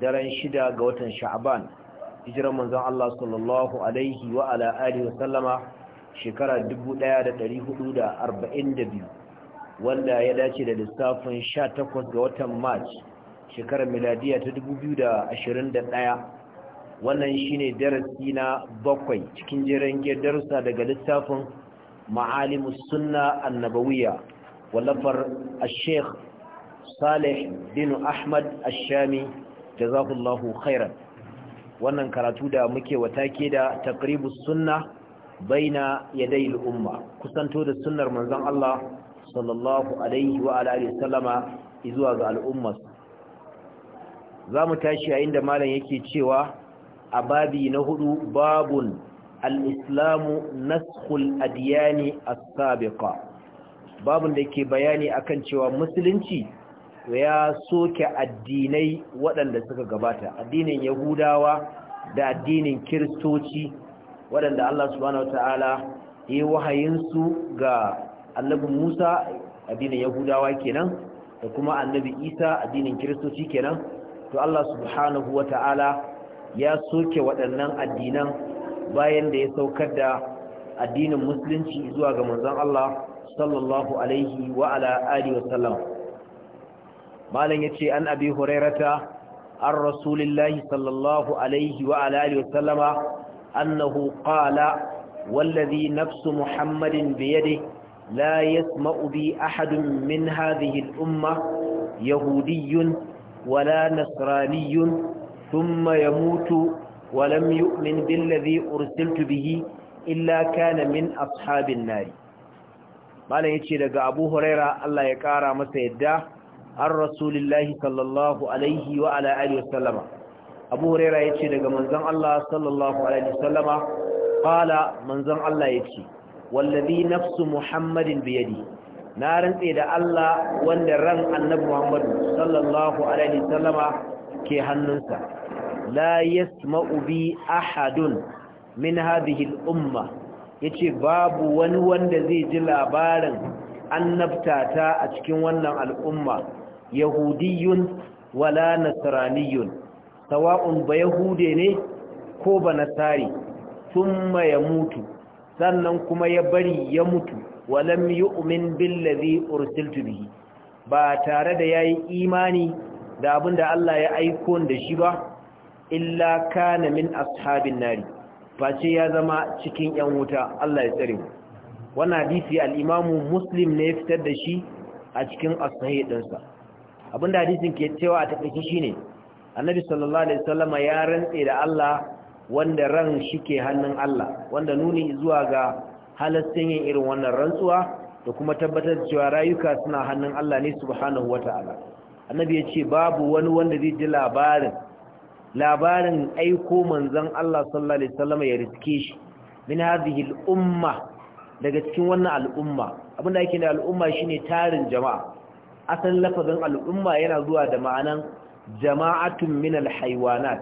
daren shida ga watan sha'aban hijiran manzon Allah sallallahu alaihi wa ala alihi wa sallama shekara 1442 wanda ya dace da lissafin 18 ga watan March shekarar miladiya ta 2021 wannan shine darasi na bakwai cikin jiran darussa daga lissafin ma'alimu sunna Annabawiya, wallafar al-sheikh Salih bin Ahmad al-Shami jazakumullahu khairan wannan karatu da muke watake da taqribus sunna baina yadayil umma kusanto da sunnar manzon Allah sallallahu alaihi wa alihi sallama zuwa ga al'umma zamu tashi yayin da malam yake cewa a babi na hudu babun al-islamu naskhul adyani as-sabiqa babun da ke bayani akan cewa musulunci to ya soke addinai waɗanda suka gabata addinin yahudawa da addinin kiristoci waɗanda Allah subhanahu wataala yi wahayinsu ga annabi Musa addinin yahudawa kenan da kuma annabi Isa addinin kiristoci kenan to Allah subhanahu wataala ya soke waɗannan addinan bayan da ya saukar da addinin musulunci zuwa ga manzon Allah sallallahu alaihi wa ala alihi wa sallam malam yace an abi hurairata an rasulillahi sallallahu alaihi wa wa sallama annahu qala wallazi nafsu muhammadin biyade la yasma'u bi ahadun min hadhihi al-umma yahudiyyun wala nasraniyyun thumma yamutu wa lam yu'min billazi ursiltu bihi illa kana min ashabin nari malam yace daga Abu Huraira Allah ya kara masa yadda an rasulillahi sallallahu alaihi wa ala alihi wasallama abu huraira yace daga manzan Allah sallallahu alaihi sallama qala manzan Allah ya ce wallazi nafsu muhammadin biyadi na rantse da Allah wanda ran annabi Muhammad sallallahu alaihi sallama ke hannunsa la yasma'u bi ahadun min hadhihi al-umma yace babu wani wanda zai ji labarin annabtata a cikin wannan al'umma yahudiyun wala nasraniyun sawa'un ba yahude ne ko ba nasari thumma mutu, sannan kuma ya bari ya mutu walam yu'min billazi ursiltu bihi ba tare da yayi imani da abinda Allah ya aiko da shi ba illa kana min ashabin nari face ya zama cikin yan wuta Allah ya tsare wannan hadisi al-Imam Muslim ne ya fitar da shi a cikin as-sahih abinda hadisin ke cewa a takaice shine annabi sallallahu alaihi wasallama ya rantse da Allah wanda ran ke hannun Allah wanda nuni zuwa ga halastin yin irin wannan rantsuwa da kuma tabbatar cewa rayuka suna hannun Allah ne subhanahu wata'ala annabi ya ce babu wani wanda zai ji labarin labarin aiko manzon Allah sallallahu alaihi wasallama ya riske shi min hadhihi al-umma daga cikin wannan al'umma abinda yake da al'umma shine tarin jama'a asan lafazin al'umma yana zuwa da ma'anan jama'atun min haiwanat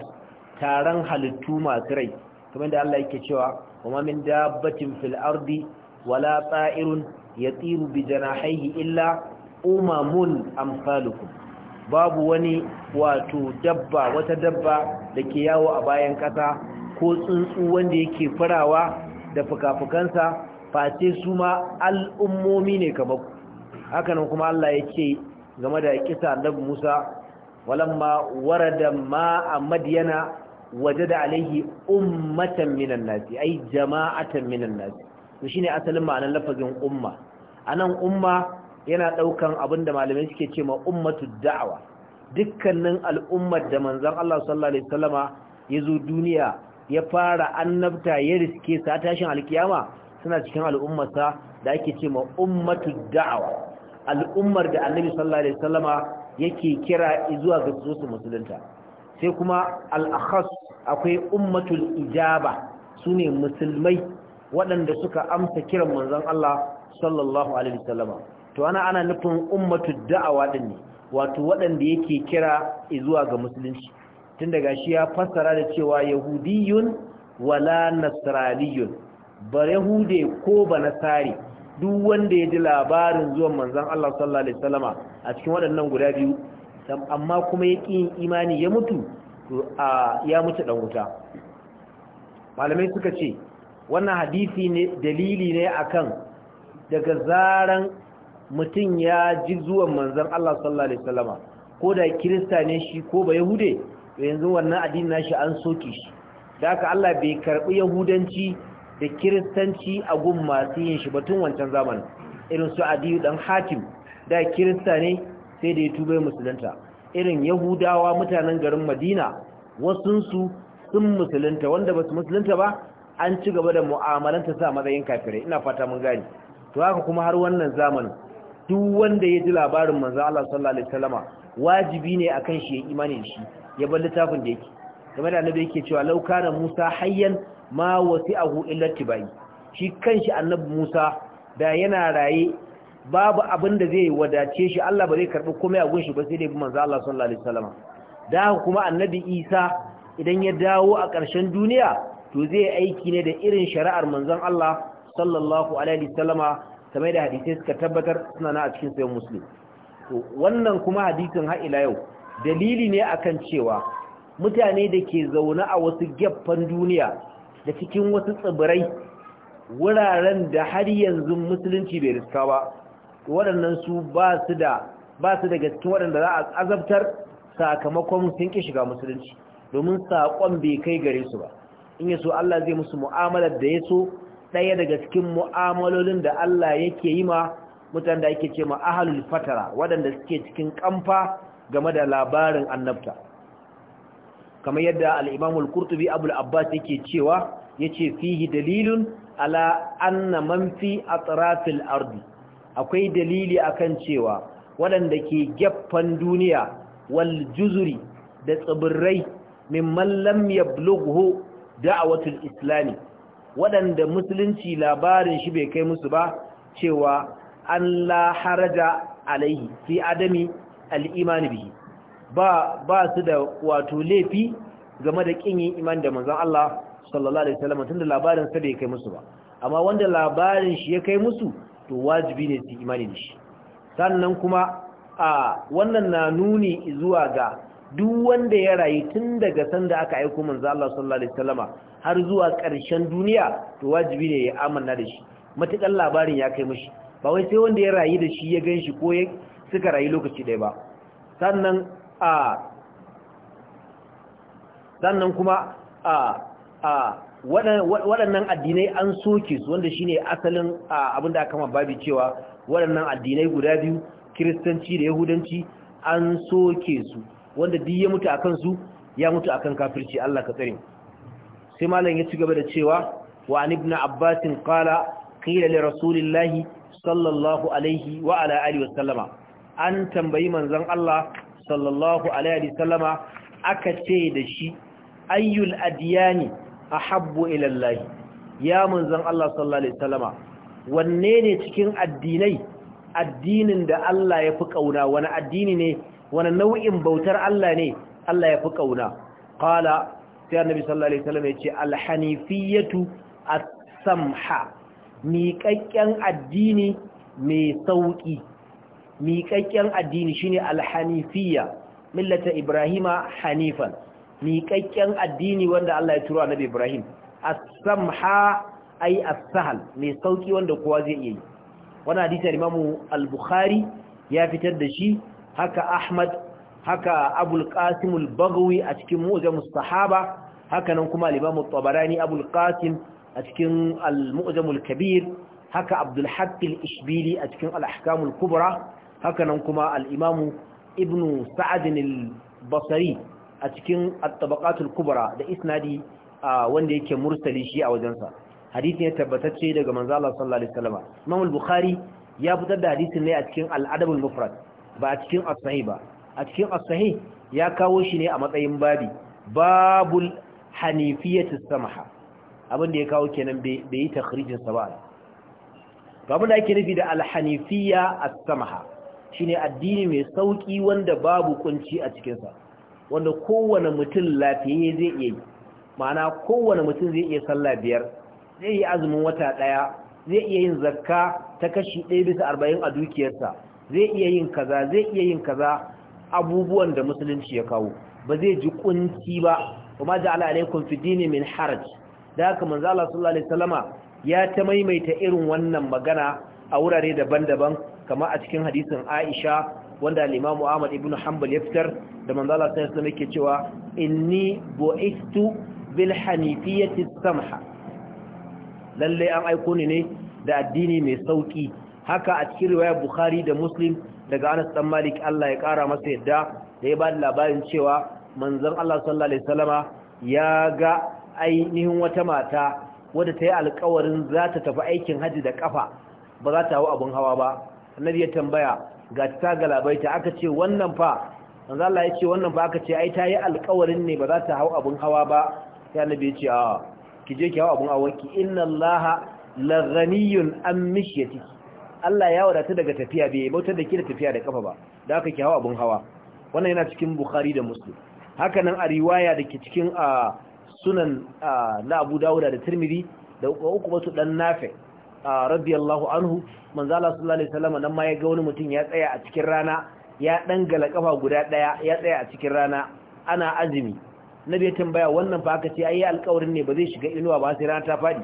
taron halittu masu rai kamar da Allah yake cewa kuma min dabbatin fil ardi wala ta'irun yatiru bi janahihi illa umamun amsalukum babu wani wato dabba wata dabba da ke yawo a bayan kasa ko tsuntsu wanda yake farawa da fuka-fukansa face su ma al'ummomi ne kamar hakanan kuma Allah ya ce game da kisa annabi Musa walamma warada a madyana wajada alaihi ummatan minan nasi ai jama'atan minan nasi to shine asalin ma'anar lafazin umma anan umma yana daukan abinda malamai suke cewa ummatu da'wa dukkanin al'ummar da manzon Allah sallallahu alaihi wasallama yazo duniya ya fara annabta ya riske sa tashin alkiyama suna cikin al'ummarsa da ake cewa ummatu da'wa al'ummar da annabi sallallahu alaihi wasallama yake kira zuwa ga su musulunta sai kuma al-akhas akwai ummatul ijaba sune musulmai waɗanda suka amsa kiran manzon Allah sallallahu alaihi wasallama to ana ana nufin ummatu da'awa din ne wato waɗanda yake kira zuwa ga musulunci tun daga shi ya fassara da cewa yahudiyun wala nasraliyun ba yahude ko ba nasari duk wanda ya ji labarin zuwan manzon Allah sallallahu alaihi wasallama a cikin waɗannan guda biyu amma kuma ya ƙi imani ya mutu ya mutu ɗan wuta malamai suka ce wannan hadisi ne dalili ne akan daga zaran mutum ya ji zuwan manzon Allah sallallahu alaihi wasallama ko da kirista ne shi ko ba yahude yanzu wannan addini nashi an soke shi da haka Allah bai karɓi yahudanci da kiristanci a gun masu yin shi batun wancan zamani. irin su adiyu dan hakim da kirista ne sai da ya tuba musulunta irin yahudawa mutanen garin madina wasunsu sun musulunta wanda ba su musulunta ba an ci gaba da mu'amalanta sa matsayin kafirai ina fata mun gani to haka kuma har wannan zamanin duk wanda ya ji labarin manzo Allah sallallahu alaihi wasallama wajibi ne akan shi ya imani da shi ya bar littafin da yake game da annabi yake cewa law kana Musa hayyan ma wasi ahu illa tibai shi kanshi annabi Musa da yana raye babu abin da zai wadace shi Allah ba zai karbi komai a gunshi ba sai dai manzo Allah sallallahu alaihi wasallam da kuma annabi Isa idan ya dawo a ƙarshen duniya to zai aiki ne da irin shari'ar manzon Allah sallallahu alaihi wasallama kamar da hadisai suka tabbatar suna na a cikin sayan muslim to wannan kuma hadisin har ila yau dalili ne akan cewa mutane da ke zaune a wasu gaffan duniya da cikin wasu tsibirai wuraren da har yanzu musulunci bai riska ba waɗannan su ba su da ba daga cikin waɗanda za a azabtar sakamakon sun ƙi shiga musulunci domin saƙon bai kai gare su ba in so Allah zai musu mu'amalar da ya so ɗaya daga cikin mu'amalolin da Allah yake yi ma mutane da ake ce ma ahalul fatara waɗanda suke cikin ƙamfa game da labarin annabta kamar yadda alimamul kurtubi al Abu abbas yake cewa yace fihi dalilun ala anna man a atrafil ardi akwai dalili akan cewa waɗanda ke gaffan duniya wal juzuri da tsibirrai mimman lam yablughu da'watul islami waɗanda musulunci labarin shi bai kai musu ba cewa an la haraja alaihi fi adami al-imani bihi ba ba su da wato laifi game da kin yin imani da manzon Allah sallallahu alaihi wasallam tunda labarin sa bai kai musu ba amma wanda labarin shi ya kai musu to wajibi ne su imani da shi sannan kuma a wannan na nuni zuwa ga duk wanda ya rayu tun daga sanda aka aiko manzon Allah sallallahu alaihi wasallam har zuwa ƙarshen duniya to wajibi ne ya amanna da shi matukan labarin ya kai mishi ba wai sai wanda ya rayu da shi ya ganshi ko ya suka rayu lokaci ɗaya ba sannan a sannan kuma a a waɗannan addinai an soke su wanda shine asalin abin da aka babi cewa waɗannan addinai guda biyu kiristanci da yahudanci an soke su wanda duk ya mutu akan su ya mutu akan kafirci Allah ka tsare sai malam ya ci gaba da cewa wa an ibn abbas qala qila li rasulillahi sallallahu alaihi wa ala alihi wa sallama an tambayi manzon Allah sallallahu alaihi wasallama aka ce da shi ayyul adiyani a habbu ilallahi ya munzan Allah sallallahu alaihi wanne ne cikin addinai addinin da Allah ya fi wani addini ne wani nau'in bautar Allah ne Allah ya fi ƙauna ƙala sai annabi sallallahu alaihi wasallama yace al-hanifiyatu a samha miƙaƙƙen addini mai sauƙi miƙaƙƙen addini shine alhanifiyya millata ibrahima hanifan miƙaƙƙen addini wanda Allah ya turo annabi Ibrahim as-samha ay as mai sauki wanda kowa zai iya yi wannan hadisi Imam al-Bukhari ya fitar da shi haka Ahmad haka Abu al-Qasim al-Baghawi a cikin Mu'jam as-Sahaba haka nan kuma Imam al-Tabarani Abu qasim a cikin al-Mu'jam al-Kabir haka Abdul Haqq al-Ishbili a cikin al-Ahkam al-Kubra hakanan kuma al-imamu ibnu sa'ad al-basri a cikin at-tabaqatul kubra da isnadi wanda yake mursali shi a wajensa hadisi ne tabbatacce daga manzo Allah sallallahu alaihi wasallam bukhari ya fitar da hadisin ne a cikin al mufrad ba a cikin as-Sahih ba a cikin as-Sahih ya kawo shi ne a matsayin babi babul hanifiyatu samaha abinda ya kawo kenan bai yi takhrijin sa ba babun da yake nufi da al-hanifiyya as-samaha shine addini mai sauki wanda babu kunci a cikinsa wanda kowane mutum lafiye zai iya yi ma'ana kowane mutum zai iya sallah biyar zai yi azumin wata ɗaya zai iya yin zakka ta kashi ɗaya bisa arba'in a dukiyarsa zai iya yin kaza zai iya yin kaza abubuwan da musulunci ya kawo ba zai ji kunci ba kuma ala alaikum fi dini min haraj da haka manzo Allah sallallahu alaihi wasallama ya ta maimaita irin wannan magana a wurare daban-daban kama a cikin hadisin Aisha wanda al-Imam Ahmad ibn Hanbal ya fitar da Manzala sai sai cewa inni bu'istu bil hanifiyyati samha lalle an aiko ni ne da addini mai sauki haka a cikin riwaya Bukhari da Muslim daga Anas dan Malik Allah ya kara masa yadda da ya ba da labarin cewa manzon Allah sallallahu alaihi wasallama ya ga ainihin wata mata wadda ta yi alkawarin za ta tafi aikin hajji da kafa ba za ta hau abin hawa ba annabi ya tambaya ga ta galabaita aka ce wannan fa manzo Allah ya ce wannan fa aka ce ai ta yi alƙawarin ne ba za ta hau abun hawa ba sai annabi ya ce a ki je ki hau abun hawa ki inna Allah la ghaniyun mishyati Allah ya wadata daga tafiya bai bautar da ki da tafiya da kafa ba da haka ki hau abun hawa wannan yana cikin Bukhari da Muslim haka nan a riwaya da ke cikin sunan na Abu Dawud da Tirmidhi da uku wasu dan Nafi' radiyallahu anhu manzo Allah sallallahu alaihi wasallam dan ma ya ga wani mutum ya tsaya a cikin rana ya dangala kafa guda daya ya tsaya a cikin rana ana azumi nabi ya tambaya wannan fa aka ce ai alƙawarin ne ba zai shiga inuwa ba sai rana ta fadi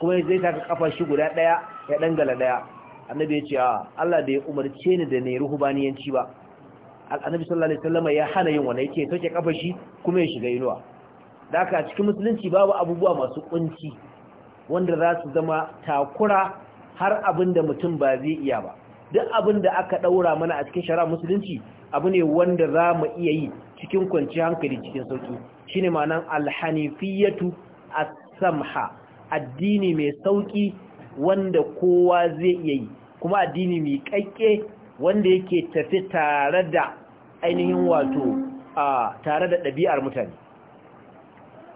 kuma zai taka kafa shi guda daya ya dangala daya annabi ya ce a Allah da ya umarce ni da ne ruhubaniyanci ba annabi sallallahu alaihi wasallam ya hana yin wannan yake soke kafa shi kuma ya shiga inuwa da haka cikin musulunci babu abubuwa masu kunci wanda za su zama takura har abin da mutum ba zai iya ba duk abin da aka ɗaura mana a cikin shara musulunci abu ne wanda za mu iya yi cikin kwanci hankali cikin sauƙi shi ne nan, alhanifiyatu a samha addini mai sauƙi wanda kowa zai iya yi kuma addini mai ƙaƙƙe wanda yake tafi tare da ainihin wato tare da ɗabi'ar mutane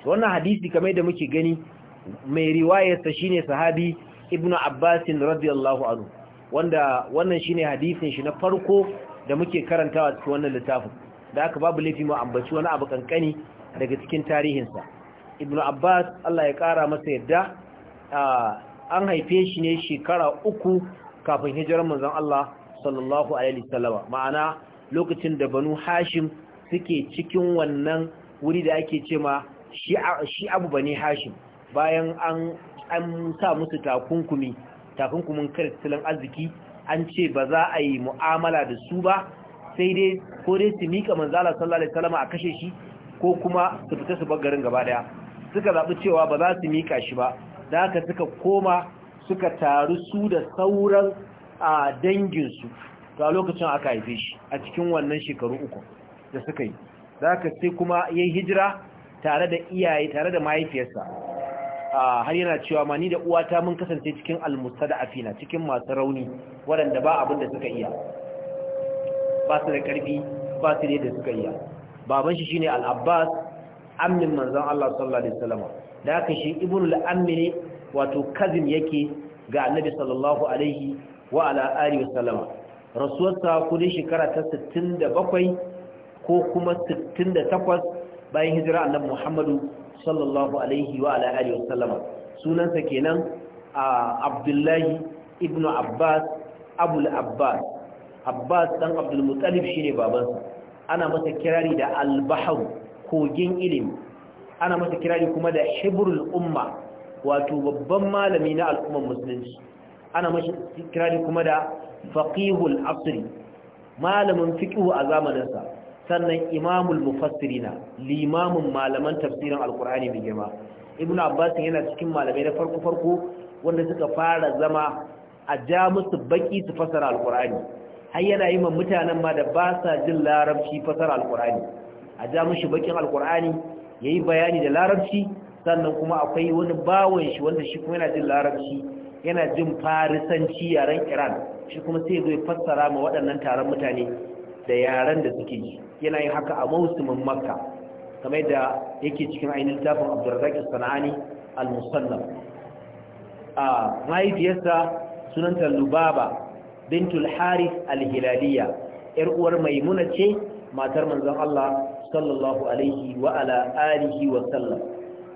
wannan hadisi kamar da muke gani mai riwayarsa shine sahabi ibnu abbasin radiyallahu anhu wanda wannan shine hadisin shi na farko da muke karantawa cikin wannan littafin da aka babu laifi mu ambaci wani abu kankani daga cikin tarihinsa ibnu abbas Allah ya kara masa yadda an haife shi ne shekara uku kafin hijiran manzon Allah sallallahu alaihi wasallama ma'ana lokacin da banu hashim suke cikin wannan wuri da ake cewa shi abu bane hashim bayan an an sa musu takunkumi takunkumin kar arziki an ce ba za a yi mu'amala da su ba sai dai ko dai su mika manzala sallallahu alaihi wasallam a kashe shi ko kuma su fita su bar garin gaba daya suka zabi cewa ba za su mika shi ba da haka suka koma suka taru su da sauran a danginsu to a lokacin aka haife shi a cikin wannan shekaru uku da suka yi da haka sai kuma ya hijira tare da iyaye tare da mahaifiyarsa har yana cewa ma ni da uwata mun kasance cikin afina, cikin masu rauni waɗanda ba abin da suka iya ba su da ƙarfi ba su ne da suka iya baban shi shine al-Abbas ammin manzon Allah sallallahu alaihi wasallam da aka shi ibnu al-ammi ne wato kazim yake ga annabi sallallahu alaihi wa ala alihi wasallam rasuwarsa kudin shekara ta 67 ko kuma 68 bayan hijira annabi Muhammadu sallallahu alaihi wa ala wasallama sunansa kenan abdullahi ibnu abbas abul abbas abbas dan abdul muttalib shine babansa ana masa kirari da al kogin ilimi ana masa kirari kuma da hibrul umma wato babban malami na al'ummar musulunci ana masa kirari kuma da faqihul asri malamin fiqhu a zamaninsa sannan imamul mufassirina limamin malaman tafsirin alkur'ani mai girma ibn abbas yana cikin malamai na farko farko wanda suka fara zama a ja musu baki su fasara alkur'ani har yana yi man mutanen ma da ba sa jin larabci fasara alkur'ani a ja mushi bakin alkur'ani yayi bayani da larabci sannan kuma akwai wani bawon shi wanda shi kuma yana jin larabci yana jin farisanci yaren iran shi kuma sai zai fassara ma waɗannan taron mutane da yaren da suke ji yana yin haka a mausumin makka kamar da yake cikin ainihin tafin abdurrazak sana'ani al-musannaf a mahaifiyarsa sunanta lubaba bintul Haris al-hilaliya yar uwar maimuna ce matar manzon Allah sallallahu alaihi wa ala alihi wa sallam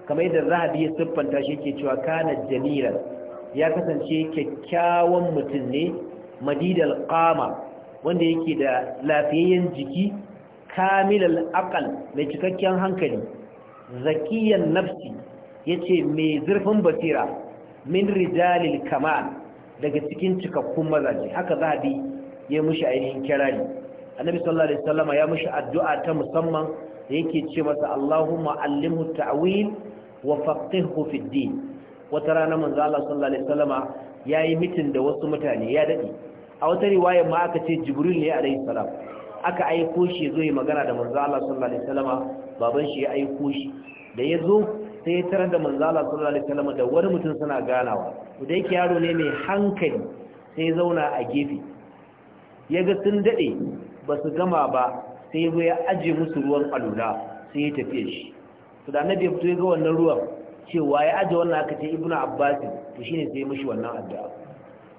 kamar da zahabi ya siffanta shi yake cewa kana Jamila ya kasance kyakkyawan mutum ne madidal qama wanda yake da lafiyayyen jiki kamilal akal mai cikakken hankali zakiyan nafsi yace mai zurfin basira min rijalil kamal daga cikin cikakkun mazaje haka za a bi ya mushi ainihin kirari annabi sallallahu alaihi wasallama ya mushi addu'a ta musamman da yake ce masa Allahumma allimhu ta'wil wa faqihhu fid din wata rana manzo Allah sallallahu alaihi wasallama yayi mitin da wasu mutane ya dade a wata riwaya ma aka ce Jibril ne alaihi salam aka aiko shi zo yi magana da manzo Allah sallallahu alaihi wasallama baban shi ya aiko shi da yazo zo sai ya tarar da manzo Allah sallallahu alaihi wasallama da wani mutum suna ganawa to da yake yaro ne mai hankali sai zauna a gefe ya ga sun dade ba su gama ba sai ya aje musu ruwan alula sai ya tafi shi to da annabi ya fito ya ga wannan ruwan cewa ya aje wannan aka ce ibnu abbas to shine sai ya mishi wannan addu'a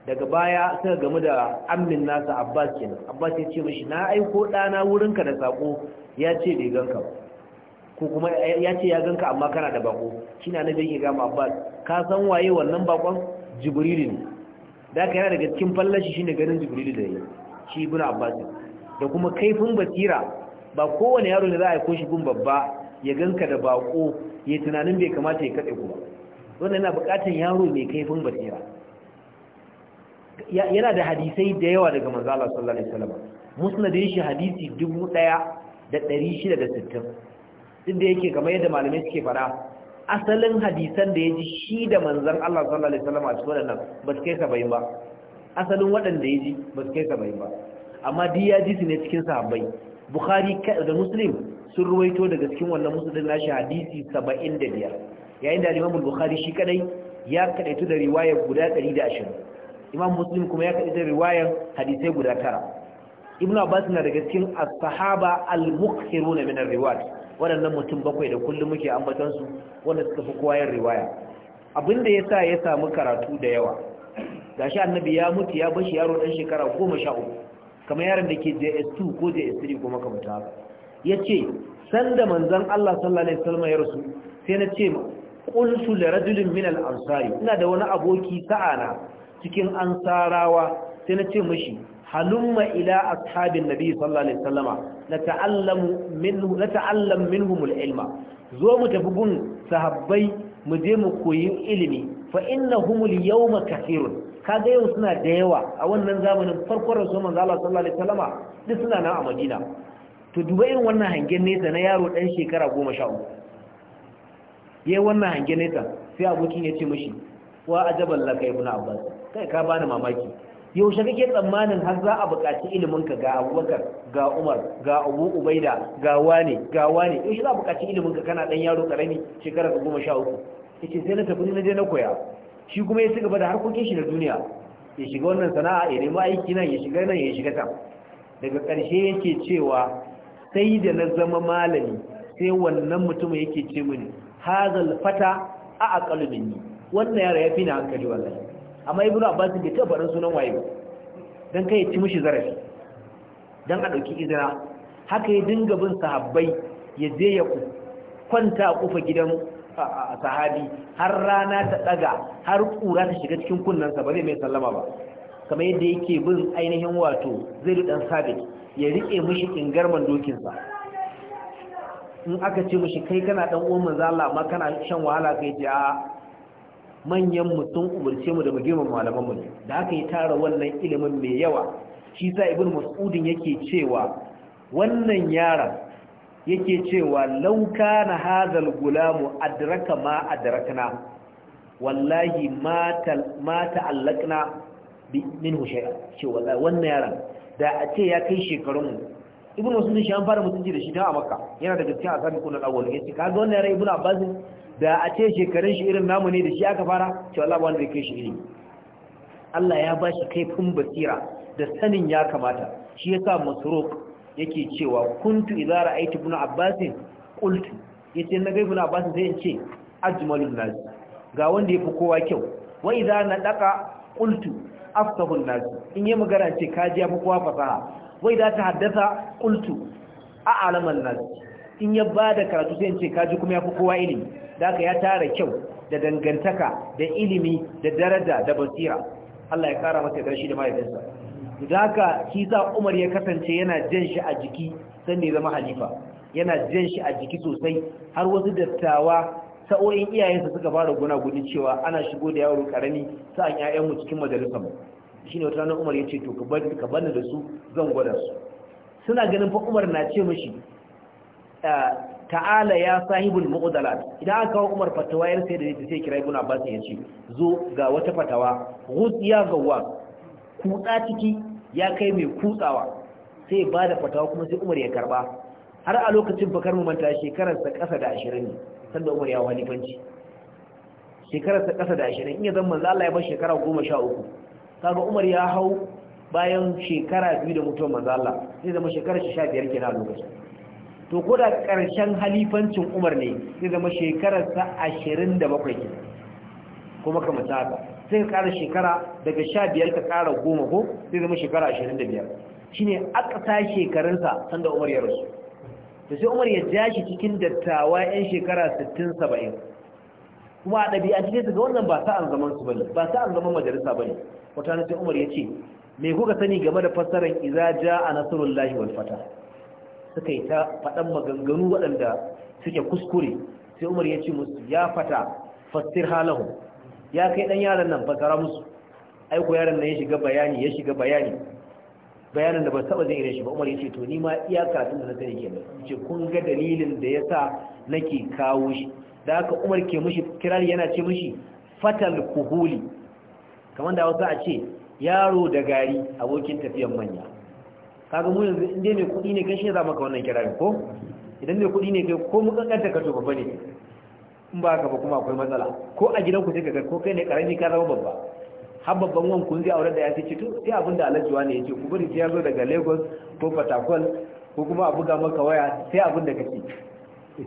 daga baya suka gamu da amin nasa abbas kenan abbas ya ce mashi na aiko ɗana wurinka da saƙo. ya ce bai ganka ba ko kuma ya ce ya ganka amma kana da bako shi na nabi yake gama abbas ka san waye wannan bakon jibrilin ne da ka yana daga cikin fallashi shine ganin jibrili da yi shi ibn abbas da kuma kaifin basira ba kowane yaro ne za a ko shi gun babba ya ganka da bako ya tunanin bai kamata ya kaɗe ku ba wannan yana buƙatar yaro mai kaifin basira yana da hadisai da yawa daga manzo sallallahu alaihi wasallam musnad shi hadisi 1660 inda yake kamar yadda malamai suke fara asalin hadisan da yaji shi da manzon Allah sallallahu alaihi wasallam a cikin wannan ba su kai saba'in ba asalin waɗanda yaji ba su kai saba'in ba amma duk yaji su ne cikin sahabbai bukhari da muslim sun ruwaito daga cikin wannan musnadin nashi hadisi 75 yayin da al-imam bukhari shi kadai ya kadaitu da riwaya guda 120 imam muslim kuma ya kaɗi ta riwayar hadisai guda tara Ibn abbas na daga cikin as-sahaba al mukhiru min ar-riwayat waɗannan mutum bakwai da kullum muke ambaton su wanda suka fi kowa yin riwaya abinda yasa ya samu karatu da yawa gashi annabi ya mutu ya bashi yaro dan shekara 13 kamar yaron da ke JS2 ko JS3 ko makamata haka yace sanda manzon Allah sallallahu alaihi wasallam ya rasu sai na ce ma. li rajulin min al-ansari ina da wani aboki sa'ana cikin ansarawa sai na ce mashi halumma ila ashabin nabi sallallahu alaihi wasallama nata'allamu minhu nata'allam ilma zo mu tafi gun sahabbai mu je mu koyi ilimi fa innahumul yawma kathirun kaga yau suna da yawa a wannan zamanin farkon rasul manzo Allah sallallahu alaihi wasallama duk suna nan a Madina to duba irin wannan hangen nesa na yaro dan shekara 13 yayin wannan hangen nesa sai abokin ya ce mashi wa ajaban laka ibn abbas kai ka bani mamaki yaushe kake tsammanin har za a buƙaci ilimin ka ga abubakar ga umar ga abu ubaida ga wani ga wane yaushe za a buƙaci ilimin ka kana ɗan yaro karami shekara ta goma sha uku yace sai na tafi na je na koya shi kuma ya ci gaba da harkokin shi na duniya ya shiga wannan sana'a ya nemi aiki nan ya shiga nan ya shiga can daga ƙarshe yake cewa sai da na zama malami sai wannan mutumin yake ce mini hazal fata a aqalu minni wannan yara ya fi na hankali wallahi amma ibn abbas bai taɓa faɗin sunan waye ba dan kai ci mishi zarafi dan a ɗauki izina haka ya dinga bin sahabbai ya je ya kwanta a kufa gidan sahabi har rana ta ɗaga har kura ta shiga cikin kunnensa ba zai mai sallama ba kamar yadda yake bin ainihin wato zai ɗan sabit ya riƙe garman ingarman sa. in aka ce mushi kai kana ɗan uwan manzo Allah amma kana shan wahala kai ji a manyan mu sun umarce mu da mu girmama malaman mu ne da aka yi tara wannan ilimin mai yawa shi sa ibn mas'udin yake cewa wannan yaron yake cewa lauka na hazal gulamu adraka ma adrakna wallahi ma ta'allakna min hushaya ce wallahi wannan yaron da a ce ya kai shekarunmu ibn mas'udin shi an fara mutunci da shi ta a makka yana da gaskiya a sami kunan awwal yace kaga wannan yaron ibn abbas da a ce shekarun shi irin namu ne da shi aka fara ce Allah ba wanda kai shi ne. Allah ya ba shi kaifin basira da sanin ya kamata shi ya yasa masruq yake cewa kuntu idza ra'aytu ibn abbas qultu yace na ga ibn abbas sai in ce ajmalun nas ga wanda yafi kowa kyau wa idza nadaka qultu afsahun nas in yi magana ce ka ji yafi kowa fasaha wa idza tahaddasa qultu a'lamun nas in ya bada karatu sai in ce ka ji kuma yafi kowa ilimi da ya tara kyau da dangantaka da ilimi da daraja da basira Allah ya kara masa darshi da mahaifinsa da haka shi sa Umar ya kasance yana jan shi a jiki san ne zama halifa yana jan shi a jiki sosai har wasu dattawa sa'o'in iyayensa suka fara guna gudun cewa ana shigo da yaro karami sa'an ƴaƴanmu cikin majalisar mu shine wata ranar Umar ya ce to ka bar ka da su zan gwada su suna ganin fa Umar na ce mishi ah, ta'ala ya sahibul mu'dalat idan aka kawo Umar fatawa yar sai da yake sai kira Ibn Abbas yace zo ga wata fatawa ya gawwa kutsa ciki ya kai mai kutsawa sai ba da fatawa kuma sai Umar ya karba har a lokacin bakar mu manta shekarar sa kasa da 20 ne sanda Umar ya walifanci shekarar sa kasa da 20 in ya zama manzo Allah ya bar shekara 13 kaga Umar ya hau bayan shekara biyu da mutuwar manzo Allah sai zama shekarar 15 kenan a lokacin to ko da ƙarshen halifancin umar ne zai zama shekararsa ashirin da bakwai ke kuma kama ta haka sai ka ƙara shekara daga sha biyar ka ƙara goma ko zai zama shekara ashirin da biyar shi ne sa shekarunsa sanda umar ya rasu da sai umar ya ja shi cikin dattawa 'yan shekara sittin saba'in kuma a ɗabi'a cikin su ga wannan ba sa'an zaman su bane ba sa'an zaman majalisa bane wata sai umar ya ce me kuka sani game da fassarar iza ja a nasarullahi wal fata suka yi ta faɗan maganganu waɗanda suke kuskure sai umar ya ce musu ya fata fassir halahu ya kai ɗan yaran nan fasara musu aiko yaran nan ya shiga bayani ya shiga bayani bayanin da ba saba zai irin shi ba umar ya ce to ni ma iya karatun da na sani ke ce kun ga dalilin da ya sa nake kawo shi da haka umar ke mushi kirari yana ce mushi fatal kuhuli kamar da wasu a ce yaro da gari abokin tafiyan manya kaga mu yanzu inda mai kuɗi ne kai shi za maka wannan kirari ko idan mai kuɗi ne kai ko mu kankanta ka to babba ne in ba ka ba kuma akwai matsala ko a gidan ku sai ka ko kai ne karami ka zama babba har babban wan kun zai aure da ya ce to sai abin da alajuwa ne ya ce ku bari sai ya zo daga lagos ko fatakwal ko kuma a buga maka waya sai abin da kake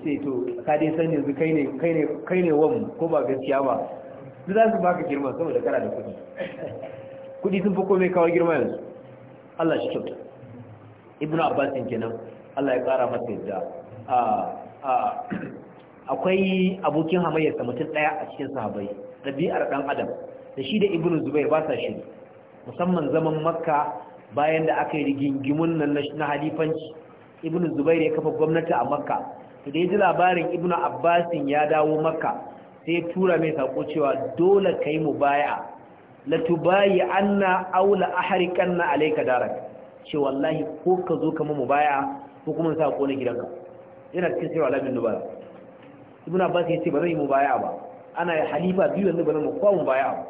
sai to ka dai san yanzu kai ne kai ne kai ne wan ko ba gaskiya ba duk za su baka girma saboda kana da kuɗi kuɗi sun fi komai kawai girma yanzu Allah shi kyauta ibnu abbas kenan Allah ya kara masa yadda akwai abokin ta mutum daya a cikin sahabbai rabi'ar dan adam da shi da ibnu zubair ba sa shiri musamman zaman makka bayan da aka yi rigingimun nan na halifanci ibnu zubair ya kafa gwamnati a makka to da ya ji labarin ibnu abbasin ya dawo makka sai tura mai sako cewa dole kai mu baya la tubayi anna aula ahriqanna alayka darak ce wallahi ko ka zo kama mu baya ko kuma sa kone gidanka yana cikin sai alamin nubala ibn abbas yace ba zai mu baya ba ana halifa biyu yanzu ba mu kwa mu baya ba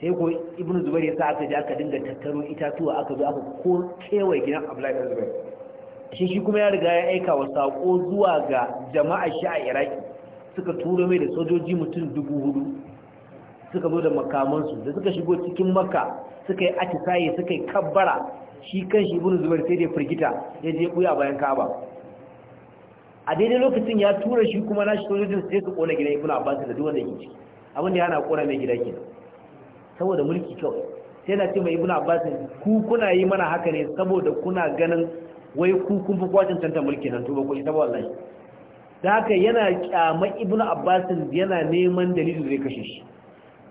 sai ko ibn zubair ya sa aka je aka dinga tattaro itatuwa aka zo aka ko kewaye gidan abdullahi ibn zubair shi shi kuma ya riga ya aika wa sako zuwa ga jama'a shi a iraki suka turo mai da sojoji mutum dubu hudu suka zo da makamansu da suka shigo cikin makka suka yi atisaye suka yi kabbara shi kan shi ibn zubair sai da firgita ya je buya bayan kaba a daidai lokacin ya tura shi kuma nashi sojojin sai su kona gidan ibn abbas da duk wanda yake ciki abin da yana kona mai gida kenan saboda mulki kawai sai na ce mai ibn abbas ku kuna yi mana haka ne saboda kuna ganin wai ku kun fi kwacin tanta mulki nan to ba ku isa ba wallahi da haka yana kyama ibn abbas yana neman dalilin da zai kashe shi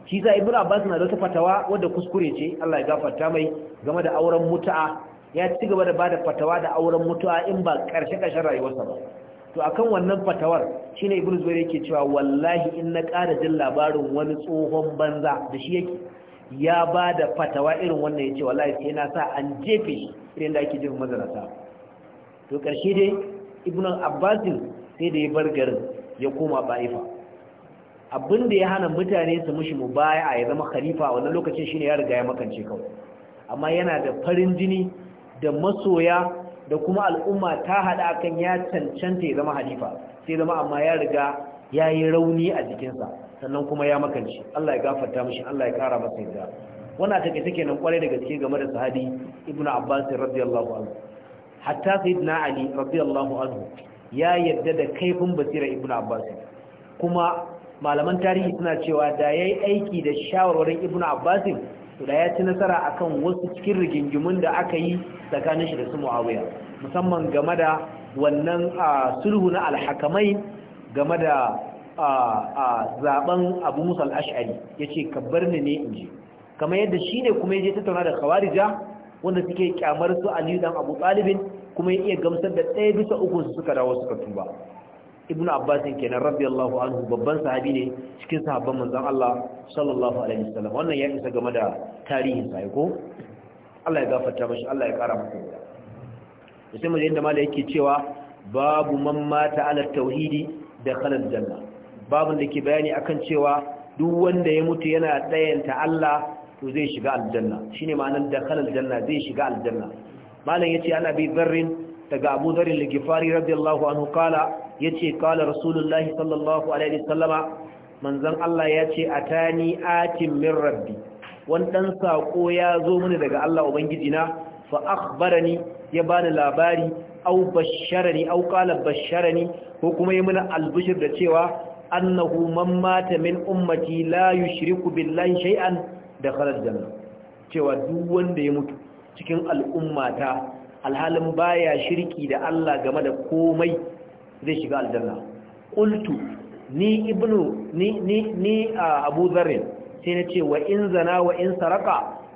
shi sa ibnu abbas na da wata fatawa wanda kuskure ce Allah ya gafarta mai game da auren mutu'a ya ci gaba da bada fatawa da auren mutu'a in ba karshe karshen rayuwarsa ba to akan wannan fatawar shine ibnu zubair yake cewa wallahi in na ƙara jin labarin wani tsohon banza da shi yake ya bada fatawa irin wannan yace wallahi sai na sa an jefe shi irin da ake jin mazarata to karshe dai ibnu abbas sai da ya bar garin ya koma ba'ifa abin da ya hana mutane su mushi mu baya a ya zama khalifa a wannan lokacin shine ya riga ya makance kawai amma yana da farin jini da masoya da kuma al'umma ta hada kan ya cancanta ya zama halifa sai zama amma ya riga ya yi rauni a jikinsa sannan kuma ya makance Allah ya gafarta mishi Allah ya kara masa yarda wannan take take nan kwarai da gaske game da sahabi Ibn abbas radiyallahu anhu hatta sayyidina ali radiyallahu anhu ya yadda da kaifin basira Ibn abbas kuma malaman tarihi suna cewa da ya yi aiki da shawarwarin ibn abbasin da ya ci nasara akan wasu cikin rigingimun da aka yi tsakanin shi da su muawiya musamman game da wannan sulhu na alhakamai game da zaben abu musa al'ash'ari ya ce ka bar ni ne inji kamar yadda shi ne kuma ya je tattauna da kawarija wanda suke kyamar su aliyu dan abu ɗalibin kuma ya iya gamsar da ɗaya bisa uku suka dawo suka tuba ibn abbas kenan radiyallahu anhu babban sahabi ne cikin sahabban manzon Allah sallallahu alaihi wasallam wannan ya isa game da tarihin sa ko Allah ya gafarta mashi Allah ya kara masa yarda sai mu je inda malai yake cewa babu man mata ala tauhidi da khalal janna babun da ke bayani akan cewa duk wanda ya mutu yana dayanta Allah to zai shiga aljanna shine ma'anar da khalal janna zai shiga aljanna malam yace ana bi zarrin daga Abu Dharr al-Ghifari radiyallahu anhu kala yace qala rasulullahi sallallahu alaihi wasallama manzon Allah ya yace atani atin min rabbi wani saƙo ya zo mini daga Allah ubangiji na fa ni ya bani labari au ni au qala basharani ko kuma ya mini albishir da cewa annahu man mata min ummati la yushriku billahi shay'an da aljanna cewa duk wanda ya mutu cikin al'ummata alhalin baya shirki da Allah game da komai zai shiga aljanna qultu ni ibnu ni ni ni abu dharr sai na ce wa in zana wa in saraka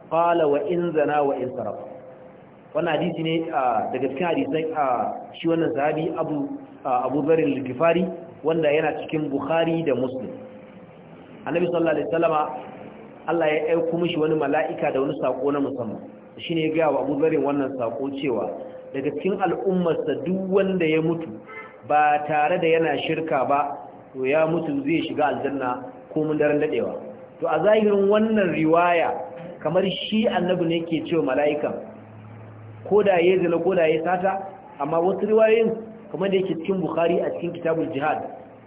qala wa in zana wa in saraka wannan hadisi ne daga cikin hadisan shi wannan sahabi abu abu dharr al wanda yana cikin bukhari da muslim annabi sallallahu alaihi wasallama Allah ya aika mishi wani mala'ika da wani sako na musamman shine ya ga wa abu zarin wannan sako cewa daga cikin sa duk wanda ya mutu ba tare da yana shirka ba to ya mutu zai shiga aljanna ko mun daren dadewa to a zahirin wannan riwaya kamar shi annabi ne ke cewa mala'ika ko da ya zina ko da ya sata amma wasu riwayoyin kamar da yake cikin bukhari a cikin kitabul jihad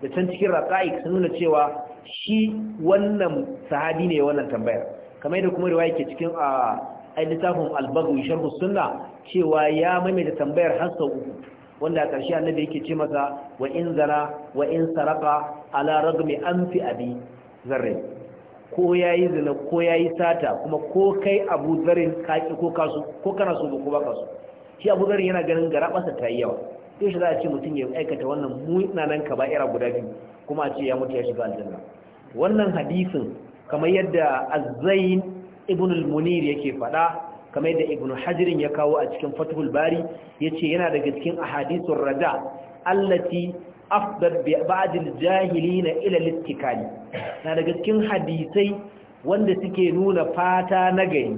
da can cikin Raqa'ik sun nuna cewa shi wannan sahabi ne wannan tambayar kamar da kuma riwaya ke cikin a littafin al-baghawi sharhu sunna cewa ya maimaita tambayar har sau uku wanda a ƙarshe annabi yake ce masa wa in zana wa in saraka ala ragmi an fi abi zarrin ko ya yi zina ko ya yi sata kuma ko kai abu ka ko kasu ko kana so ko ba kasu shi abu zarrin yana ganin garaɓasa ta yi yawa Yaushe shi za a ce mutum ya aikata wannan nan munanan kaba'ira guda biyu kuma a ce ya mutu ya shiga aljanna wannan hadisin kamar yadda azzain ibn al-munir yake faɗa kamar da ibnu hajirin ya kawo a cikin fathul bari yace yana daga cikin ahadisun raja allati afdal bi jahili na ila littikali na daga cikin hadisai wanda suke nuna fata na gari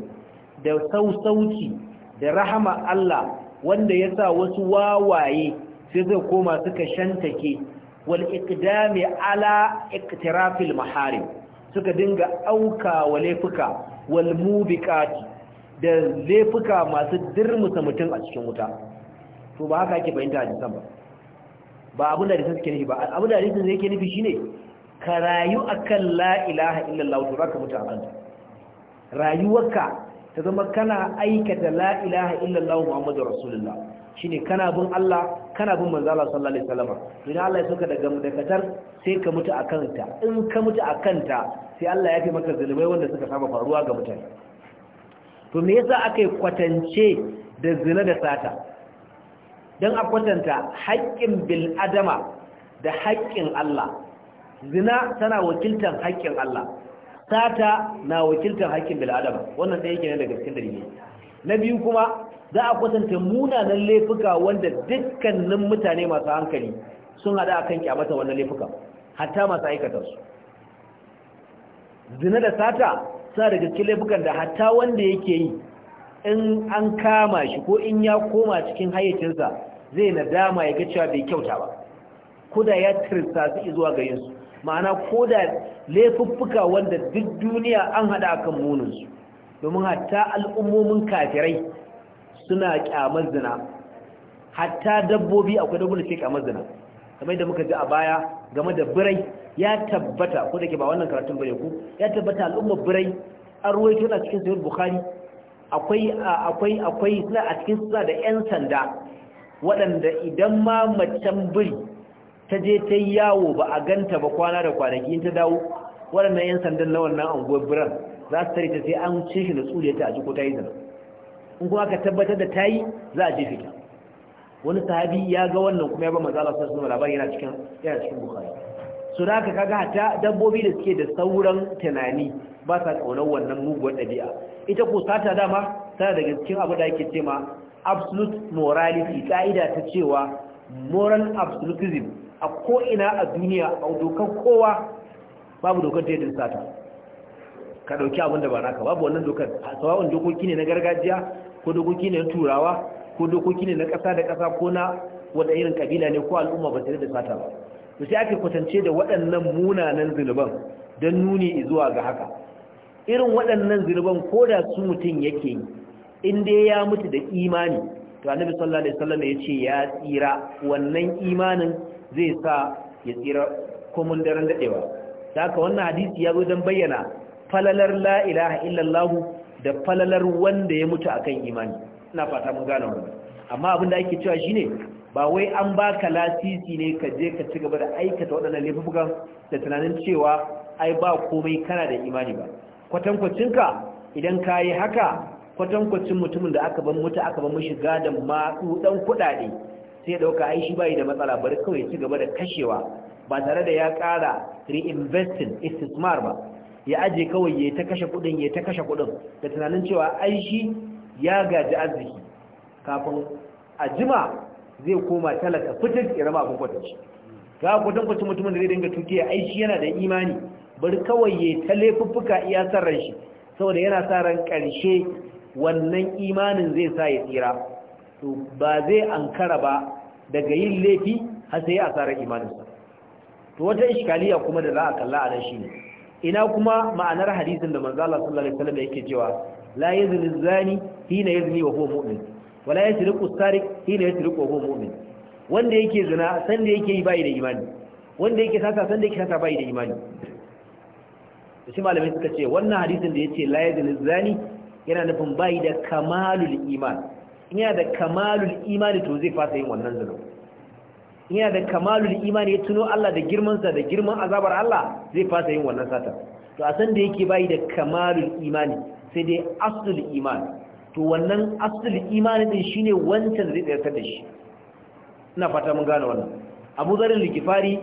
da sausauci da rahama Allah wanda yasa wasu wawaye sai zai koma suka shantake wal iqdami ala iktirafil maharim suka dinga auka wa laifuka wal mubiqati da laifuka masu dirmusa mutum a cikin wuta to ba haka ake fahimta a jisan ba ba abin da jisan suke nufi ba abin da jisan zai ke nufi shine ka rayu a kan la'ilaha illallah to za ka mutu a kanta rayuwarka ta zama kana aikata la'ilaha illallah muhammadu rasulullah ne kana bin Allah kana bin manzala sallallahu alaihi wasallam to idan Allah ya soka daga mudakatar sai ka mutu a kanta in ka mutu a kanta sai Allah ya fi maka zulmai wanda suka saba faruwa ga mutane to me yasa aka kwatance da zina da sata don a kwatanta haƙƙin bil'adama da haƙƙin Allah zina tana wakiltar haƙƙin Allah sata na wakiltar haƙƙin bil'adama wannan ɗaya kenan daga cikin dalili na biyu kuma za a kwatanta munanan laifuka wanda dukkanin mutane masu hankali sun haɗa a kan kyamata wannan laifuka hatta masu aikata su zina da sata Sa daga cikin laifukan da hatta wanda yake yi in an kama shi ko in ya koma cikin hayyacinsa zai nadama ya ga bai kyauta ba da ya tirsa su izuwa ga yinsu ma'ana ko da laifuffuka wanda duk duniya an hada akan muninsu domin hatta al'ummomin kafirai suna kyamar zina hatta dabbobi akwai dabbobi da ke kyamar zina kamar da muka ji a baya game da birai ya tabbata ko da ke ba wannan karatun bane ku ya tabbata al'umma birai an ruwaito na cikin sahih bukhari akwai akwai akwai suna a cikin suna da yan sanda waɗanda idan ma macen biri ta je ta yawo ba a ganta ba kwana da kwanaki in ta dawo waɗannan yan sandan na wannan anguwar biran za su tare ta sai an ce shi da tsuriya ta a ko ta yi zana in kuma ka tabbatar da tayi za a je fita. wani sahabi ya ga wannan kuma ya ba manzo Allah sallallahu alaihi labari yana cikin yana cikin bukhari so da haka kaga hatta dabbobi da suke da sauran tunani ba sa kaunar wannan muguwar ɗabi'a. ita ko sata dama tana daga cikin abu da ake cewa absolute morality ka'ida ta cewa moral absolutism a ko a duniya a dokar kowa babu dokar ta yadda sata ka dauki abin da ba naka babu wannan dokar sawa'un dokoki ne na gargajiya ko dokoki ne na turawa ko dokoki ne na ƙasa da ƙasa ko na wadda irin kabila ne ko al'umma ba tare da sata ba to sai ake kwatance da waɗannan munanan zunuban don nuni zuwa ga haka irin waɗannan zunuban ko da su mutum yake yi in dai ya mutu da imani to annabi sallallahu alaihi wasallam ya ce ya tsira wannan imanin zai sa ya tsira komun daren dadewa da haka wannan hadisi ya zo don bayyana falalar la ilaha illallah da falalar wanda ya mutu akan imani ina fata mun gane wannan amma abin da ake cewa shine ba wai an baka lasisi ne ka je ka ci gaba da aikata waɗannan laifukan da tunanin cewa ai ba komai kana da imani ba kwatankwacinka idan ka yi haka kwatankwacin mutumin da aka ban mutu aka ban mishi gadon dan kuɗaɗe sai ɗauka ai shi yi da matsala bari kawai ci gaba da kashewa ba tare da ya kara reinvesting istismar ba ya aje kawai ya ta kashe kuɗin ya ta kashe kuɗin da tunanin cewa ai shi ya gaji arziki kafin a jima zai koma talaka fitar ya rama abin kwatanci ga kwatan kwatan mutumin da zai dinga ya aishi yana da imani bari kawai ya ta laifuffuka iya san shi saboda yana sa ran ƙarshe wannan imanin zai sa ya tsira ba zai ankara ba daga yin laifi har sai ya asarar imaninsa to wata iskaliya kuma da za a kalla a nan shi ne. ina kuma ma'anar hadisin da manzo Allah sallallahu alaihi wasallam yake cewa لا yazni الزاني hina yazni وهو مؤمن ولا يسرق السارق sariq يسرق وهو مؤمن huwa mu'min wanda yake zina san da yake yi bai da imani wanda yake sata san da yake sata bai da imani shi malamai suka ce wannan hadisin da yace la yazni zani yana nufin bai da kamalul iman in yana da kamalul imani to zai fasa yin wannan zina in yana da kamalul imani ya tuno Allah da girmansa da girman azabar Allah zai fasa yin wannan sata to a san da yake bai da kamalul imani sai dai asul iman to wannan asul imani din shine wancan da zai tsayar da shi ina fata mun gane wannan Abu Dharr al-Ghifari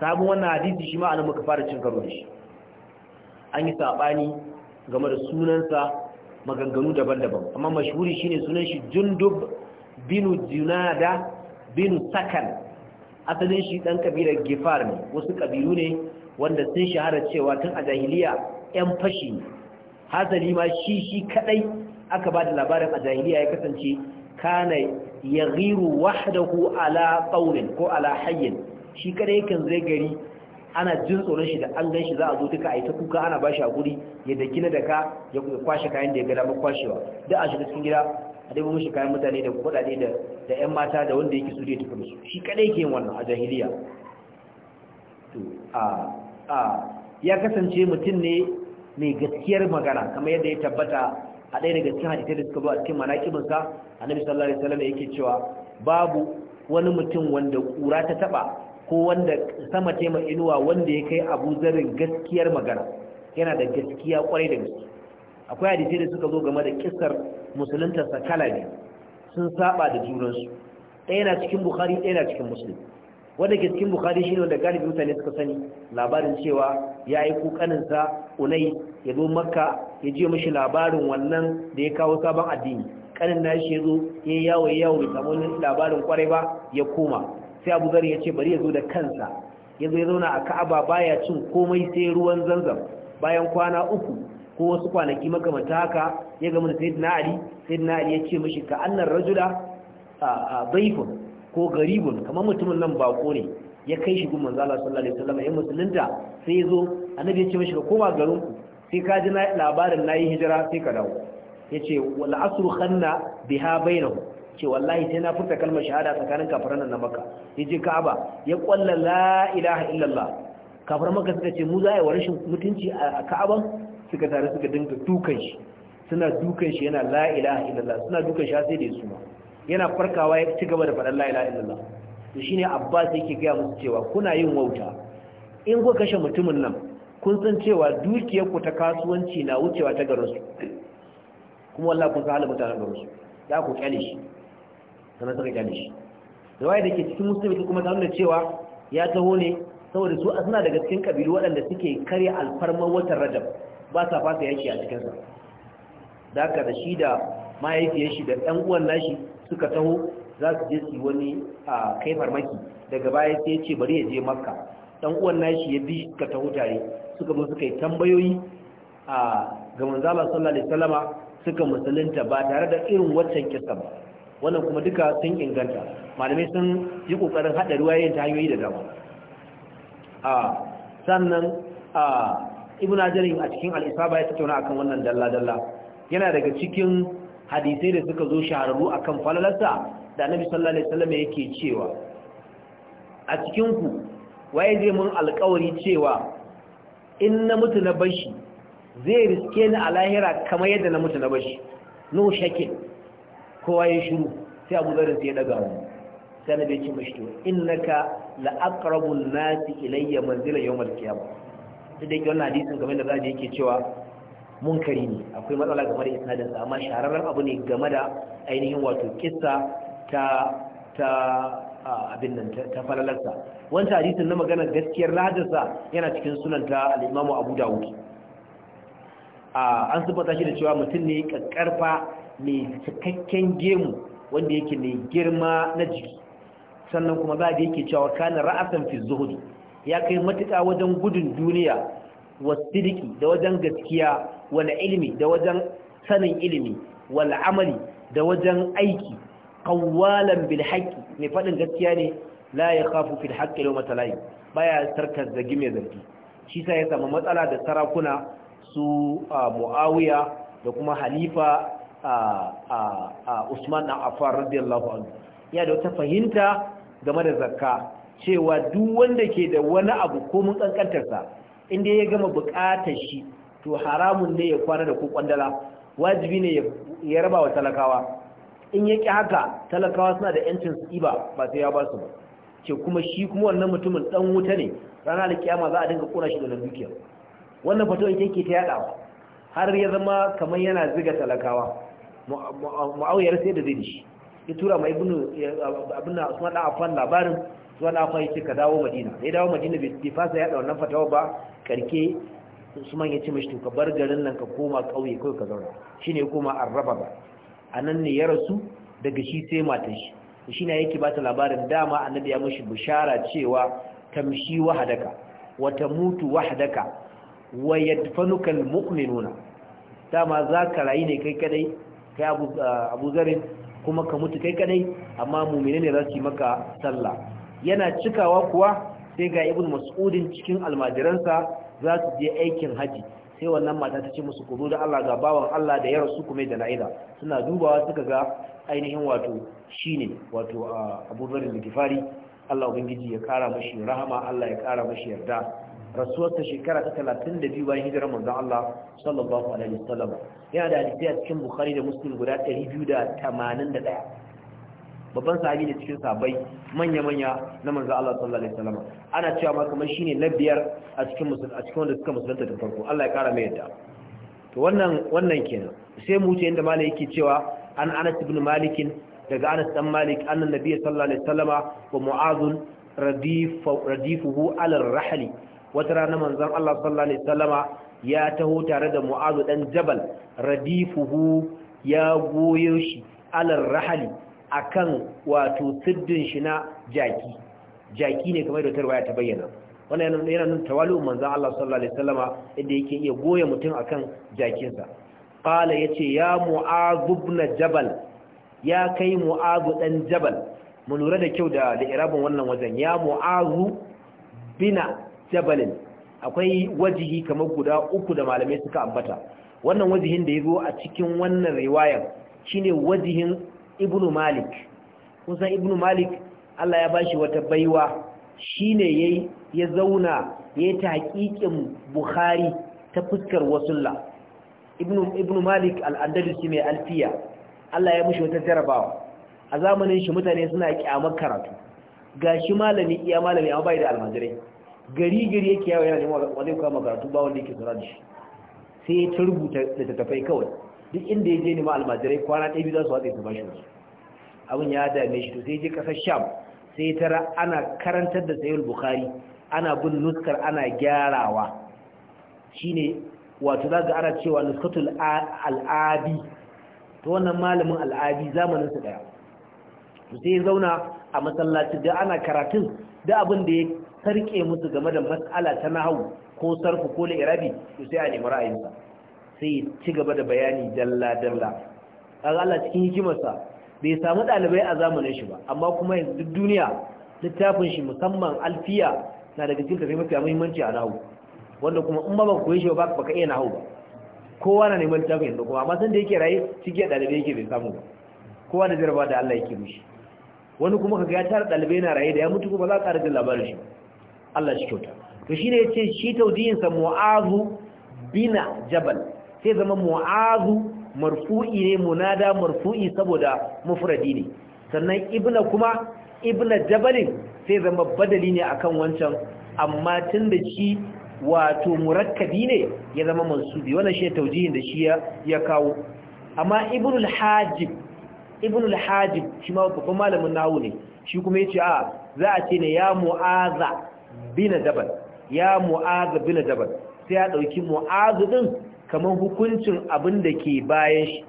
sabon wannan hadisi shi ma an muka fara cin karo da shi an yi sabani game da sunansa maganganu daban-daban amma mashhuri shine sunan shi Jundub bin Junada bin Sakan asalin shi dan kabilar gifar ne wasu kabilu ne wanda sun shahara cewa tun a jahiliya 'yan fashi hasali ma shi shi kadai aka ba da labarin a jahiliya ya kasance kana ya ghiru wahdahu ala tsaunin ko ala hayyin shi kadai kan zai gari ana jin tsoron shi da an gan shi za a zo duka a yi ta kuka ana ba shi a guri ya daki na daka ya kwashe kayan da ya gada mun kwashewa duk a shiga cikin gida a dai mushi kayan mutane da kuɗaɗe da da ƴan mata da wanda yake su da tafi shi kadai ke yin wannan a jahiliya to a a ya kasance mutum ne mai gaskiyar magana kamar yadda ya tabbata a ɗaya daga cikin hadisai da suka zo a cikin manakibinsa annabi sallallahu alaihi wasallam yake cewa babu wani mutum wanda ƙura ta taba ko wanda sama ta ma wanda ya kai Abu zarin gaskiyar magana yana da gaskiya kwarai da gaske akwai hadisai da suka zo game da kisar musulunta sakala ne sun saba da junansu ɗaya na cikin Bukhari ɗaya na cikin musulun. wanda ke cikin bukari shine wanda galibi mutane suka sani labarin cewa ya yi kukaninsa unai ya zo makka ya ji mashi labarin wannan da ya kawo sabon addini kanin na shi ya zo ya yawo yawo bai samu labarin kwarai ba ya koma sai abu zari ya ce bari ya zo da kansa ya zo ya zauna a ka'aba baya cin komai sai ruwan zanzam bayan kwana uku ko wasu kwanaki makamanta haka ya gama da sayyidina ali sayyidina ali ya ce mashi ka annar rajula baifun ko garibun kamar mutumin nan bako ne ya kai shi gumman zala sallallahu alaihi wasallam ya musulunta sai ya zo annabi ya ce mishi ka koma garin ku sai ka ji labarin nayi hijira sai ka dawo yace wal asru khanna biha bainahu ce wallahi sai na furta kalmar shahada tsakanin kafiran nan na Makka yaje Ka'aba ya kwalla la ilaha illallah kafiran Makka suka ce mu za a yi rashin mutunci a Ka'aban suka tare suka dinga dukan shi suna dukan shi yana la ilaha illallah suna dukan shi sai da su suma. yana farkawa ya ci gaba da faɗin la ilaha illallah to Abba abbas yake gaya musu cewa kuna yin wauta in ku kashe mutumin nan kun san cewa dukiyarku ta kasuwanci na wucewa ta garinsu kuma wallah kun san halin mutanen garin su ku kyale shi sannan suka kyale shi waye da ke cikin musulmi kuma samun cewa ya taho ne saboda su suna daga cikin kabilu waɗanda suke karya alfarmar watan rajab ba sa fasa yaki a cikinsa da haka da shi da mahaifiyar shi da ɗan uwan nashi suka taho za su je su wani a kai farmaki daga baya sai ya ce bari ya je makka dan uwan nashi ya bi ka taho tare suka zo suka yi tambayoyi a ga manzo Allah sallallahu alaihi wasallama suka musulunta ba tare da irin waccan kissa ba wannan kuma duka sun inganta malamai sun yi kokarin hada ruwayoyin ta hanyoyi da dama a sannan a ibnu a cikin al-isaba ya tattauna akan wannan dalla dalla yana daga cikin hadisai da suka zo shahararru akan falalarsa da annabi sallallahu alaihi wasallam yake cewa a cikinku, waye zai mun alƙawari cewa in na mutu na bashi zai riske ni a lahira kamar yadda na mutu na bashi no shake kowa ya shiru sai abu zarin sai ya daga mu sai na bai ce mashi to innaka la aqrabun nasi ilayya manzila yawmal qiyamah sai dai wannan hadisin game da zaje yake cewa munkari ne akwai matsala game da isnadin sa amma shahararren abu ne game da ainihin wato kissa ta ta abin nan ta falalarsa wancan hadisin na magana gaskiyar lahadarsa yana cikin sunan ta al-Imam Abu Dawud an sabbata shi da cewa mutum ne kakkarfa mai cikakken gemu wanda yake mai girma na jiki sannan kuma za a yake cewa kana ra'asan fi ya kai matuƙa wajen gudun duniya wasidiki da wajen gaskiya wal ilmi da wajen sanin ilimi wal amali da wajen aiki qawwalan bil haqqi mai fadin gaskiya ne la ya yakhafu fil haqqi law matalai baya tarkar zagi mai zargi shi sai ya samu matsala da sarakuna su muawiya da kuma halifa a usman dan affan radiyallahu anhu ya da wata fahimta game da zakka cewa duk wanda ke da wani abu ko mun kankantarsa inda ya gama bukatar shi to haramun ne ya kwana da ku kwandala wajibi ne ya raba wa talakawa in ya ƙi haka talakawa suna da yancin su iba ba sai ya ba su ba ce kuma shi kuma wannan mutumin dan wuta ne rana da kiyama za a dinga ƙona shi da nan dukiyar wannan fatuwa ita yake ta yaɗawa har ya zama kamar yana ziga talakawa ma'auyar sai da zai shi ya tura ma ibnu abin usman da afan labarin zuwa da afan ka dawo madina ya dawo madina bai fasa yaɗa wannan fatawa ba karke usman ya ce mashi to ka bar garin nan ka koma kauye kawai ka zauna shine ya koma arraba ba a nan ne ya rasu daga shi sai matan shi shi ne yake ba ta labarin dama annabi ya mashi bishara cewa tamshi wahadaka wata mutu wahadaka wa yadfanuka almu'minuna dama za ka rayu ne kai kadai kai abu uh, zarin kuma ka mutu kai kadai amma mu'mini ne za su maka sallah yana cikawa kuwa sai ga ibn mas'udin cikin almajiransa za su je aikin haji sai wannan mata ta ce musu ku da Allah ga bawan Allah da ya rasu kuma da la'ida suna dubawa suka ga ainihin wato shine wato Abu Dharr al Allah ubangiji ya kara mashi rahama Allah ya kara mashi yarda rasuwar ta shekara ta 32 bayan hijirar manzon Allah sallallahu alaihi wasallam yana da hadisi a cikin Bukhari da Muslim guda 281 babban sahabi ne cikin sahabbai manya-manya na manzo Allah sallallahu alaihi wasallam ana cewa ma kamar shine na biyar a cikin a cikin wanda suka musulunta da farko Allah ya kara mai yadda to wannan wannan kenan sai mu wuce inda malai yake cewa an Anas ibn Malik daga Anas dan Malik annan nabi sallallahu alaihi wasallama wa Mu'adh radifu radifuhu ala rahli wata rana manzon Allah sallallahu alaihi wasallama ya taho tare da Mu'adh dan Jabal radifuhu ya goyo shi alar rahali akan wato siddin shi na jaki jaki ne kamar da waya ta bayyana wannan yana yana nuna tawalu manzon Allah sallallahu alaihi wasallama inda yake iya goya mutum akan jakinsa qala yace ya mu'adh ibn jabal ya kai mu'adh dan jabal mun lura da kyau da da irabin wannan wajen ya mu'adh bina jabalin akwai wajihi kamar guda uku da malamai suka ambata wannan wajihin da ya yazo a cikin wannan riwayar shine wajihin ibnu malik kusan ibnu malik Allah ya bashi wata baiwa shine ne ya zauna yayi tahqiqin bukhari ta fuskar wasulla ibnu ibnu malik al mai alfiya Allah ya mushi wata jarabawa a zamanin shi mutane suna kyamar karatu shi malami iya malami a bai da almajirai gari gari yake yawo yana neman wa zai kama karatu ba wanda yake da shi sai ta rubuta littattafai kawai duk inda ya je nema almajirai kwana ɗaya biyu za su watsa su bashi wasu abin ya dame shi to sai je kasar sham sai tara ana karantar da sayul bukhari ana bin nuskar ana gyarawa shine wato za ga ana cewa nuskatul al'abi ta wannan malamin al'adi zamanin su daya to sai zauna a masallaci da ana karatun da abin da ya sarke musu game da matsala ta nahawu ko sarfu ko la'irabi to sai a nemi ra'ayinsa sai ci gaba da bayani dalla-dalla a Allah cikin hikimarsa bai samu ɗalibai a zamanin shi ba amma kuma yanzu duk duniya littafin shi musamman alfiya na daga cikin tafi mafi muhimmanci a nahu wanda kuma in ba ba koyi shi ba ka iya nahu ba kowa na neman littafin yanzu kuma amma san da yake raye cikin ɗalibai yake bai samu ba kowa da jarba da Allah yake mishi wani kuma kaga ya tara ɗalibai na raye da ya mutu kuma za ka ƙara jin labarin shi Allah shi kyauta to shine yace shi taudiyin sa mu'azu bina jabal sai zama mu'azu marfu'i ne munada marfu'i saboda mufradi ne sannan ibna kuma ibna jabalin sai zama badali ne akan wancan amma tunda shi wato murakkabi ne ya zama mansubi wannan shi taujihin da shi ya kawo amma ibnul hajib ibnul hajib shi ma babban malamin nawu ne shi kuma yace a za a ce ne ya mu'aza bina jabal ya mu'aza bina jabal sai a dauki mu'azu din kamar hukuncin abin da ke bayan shi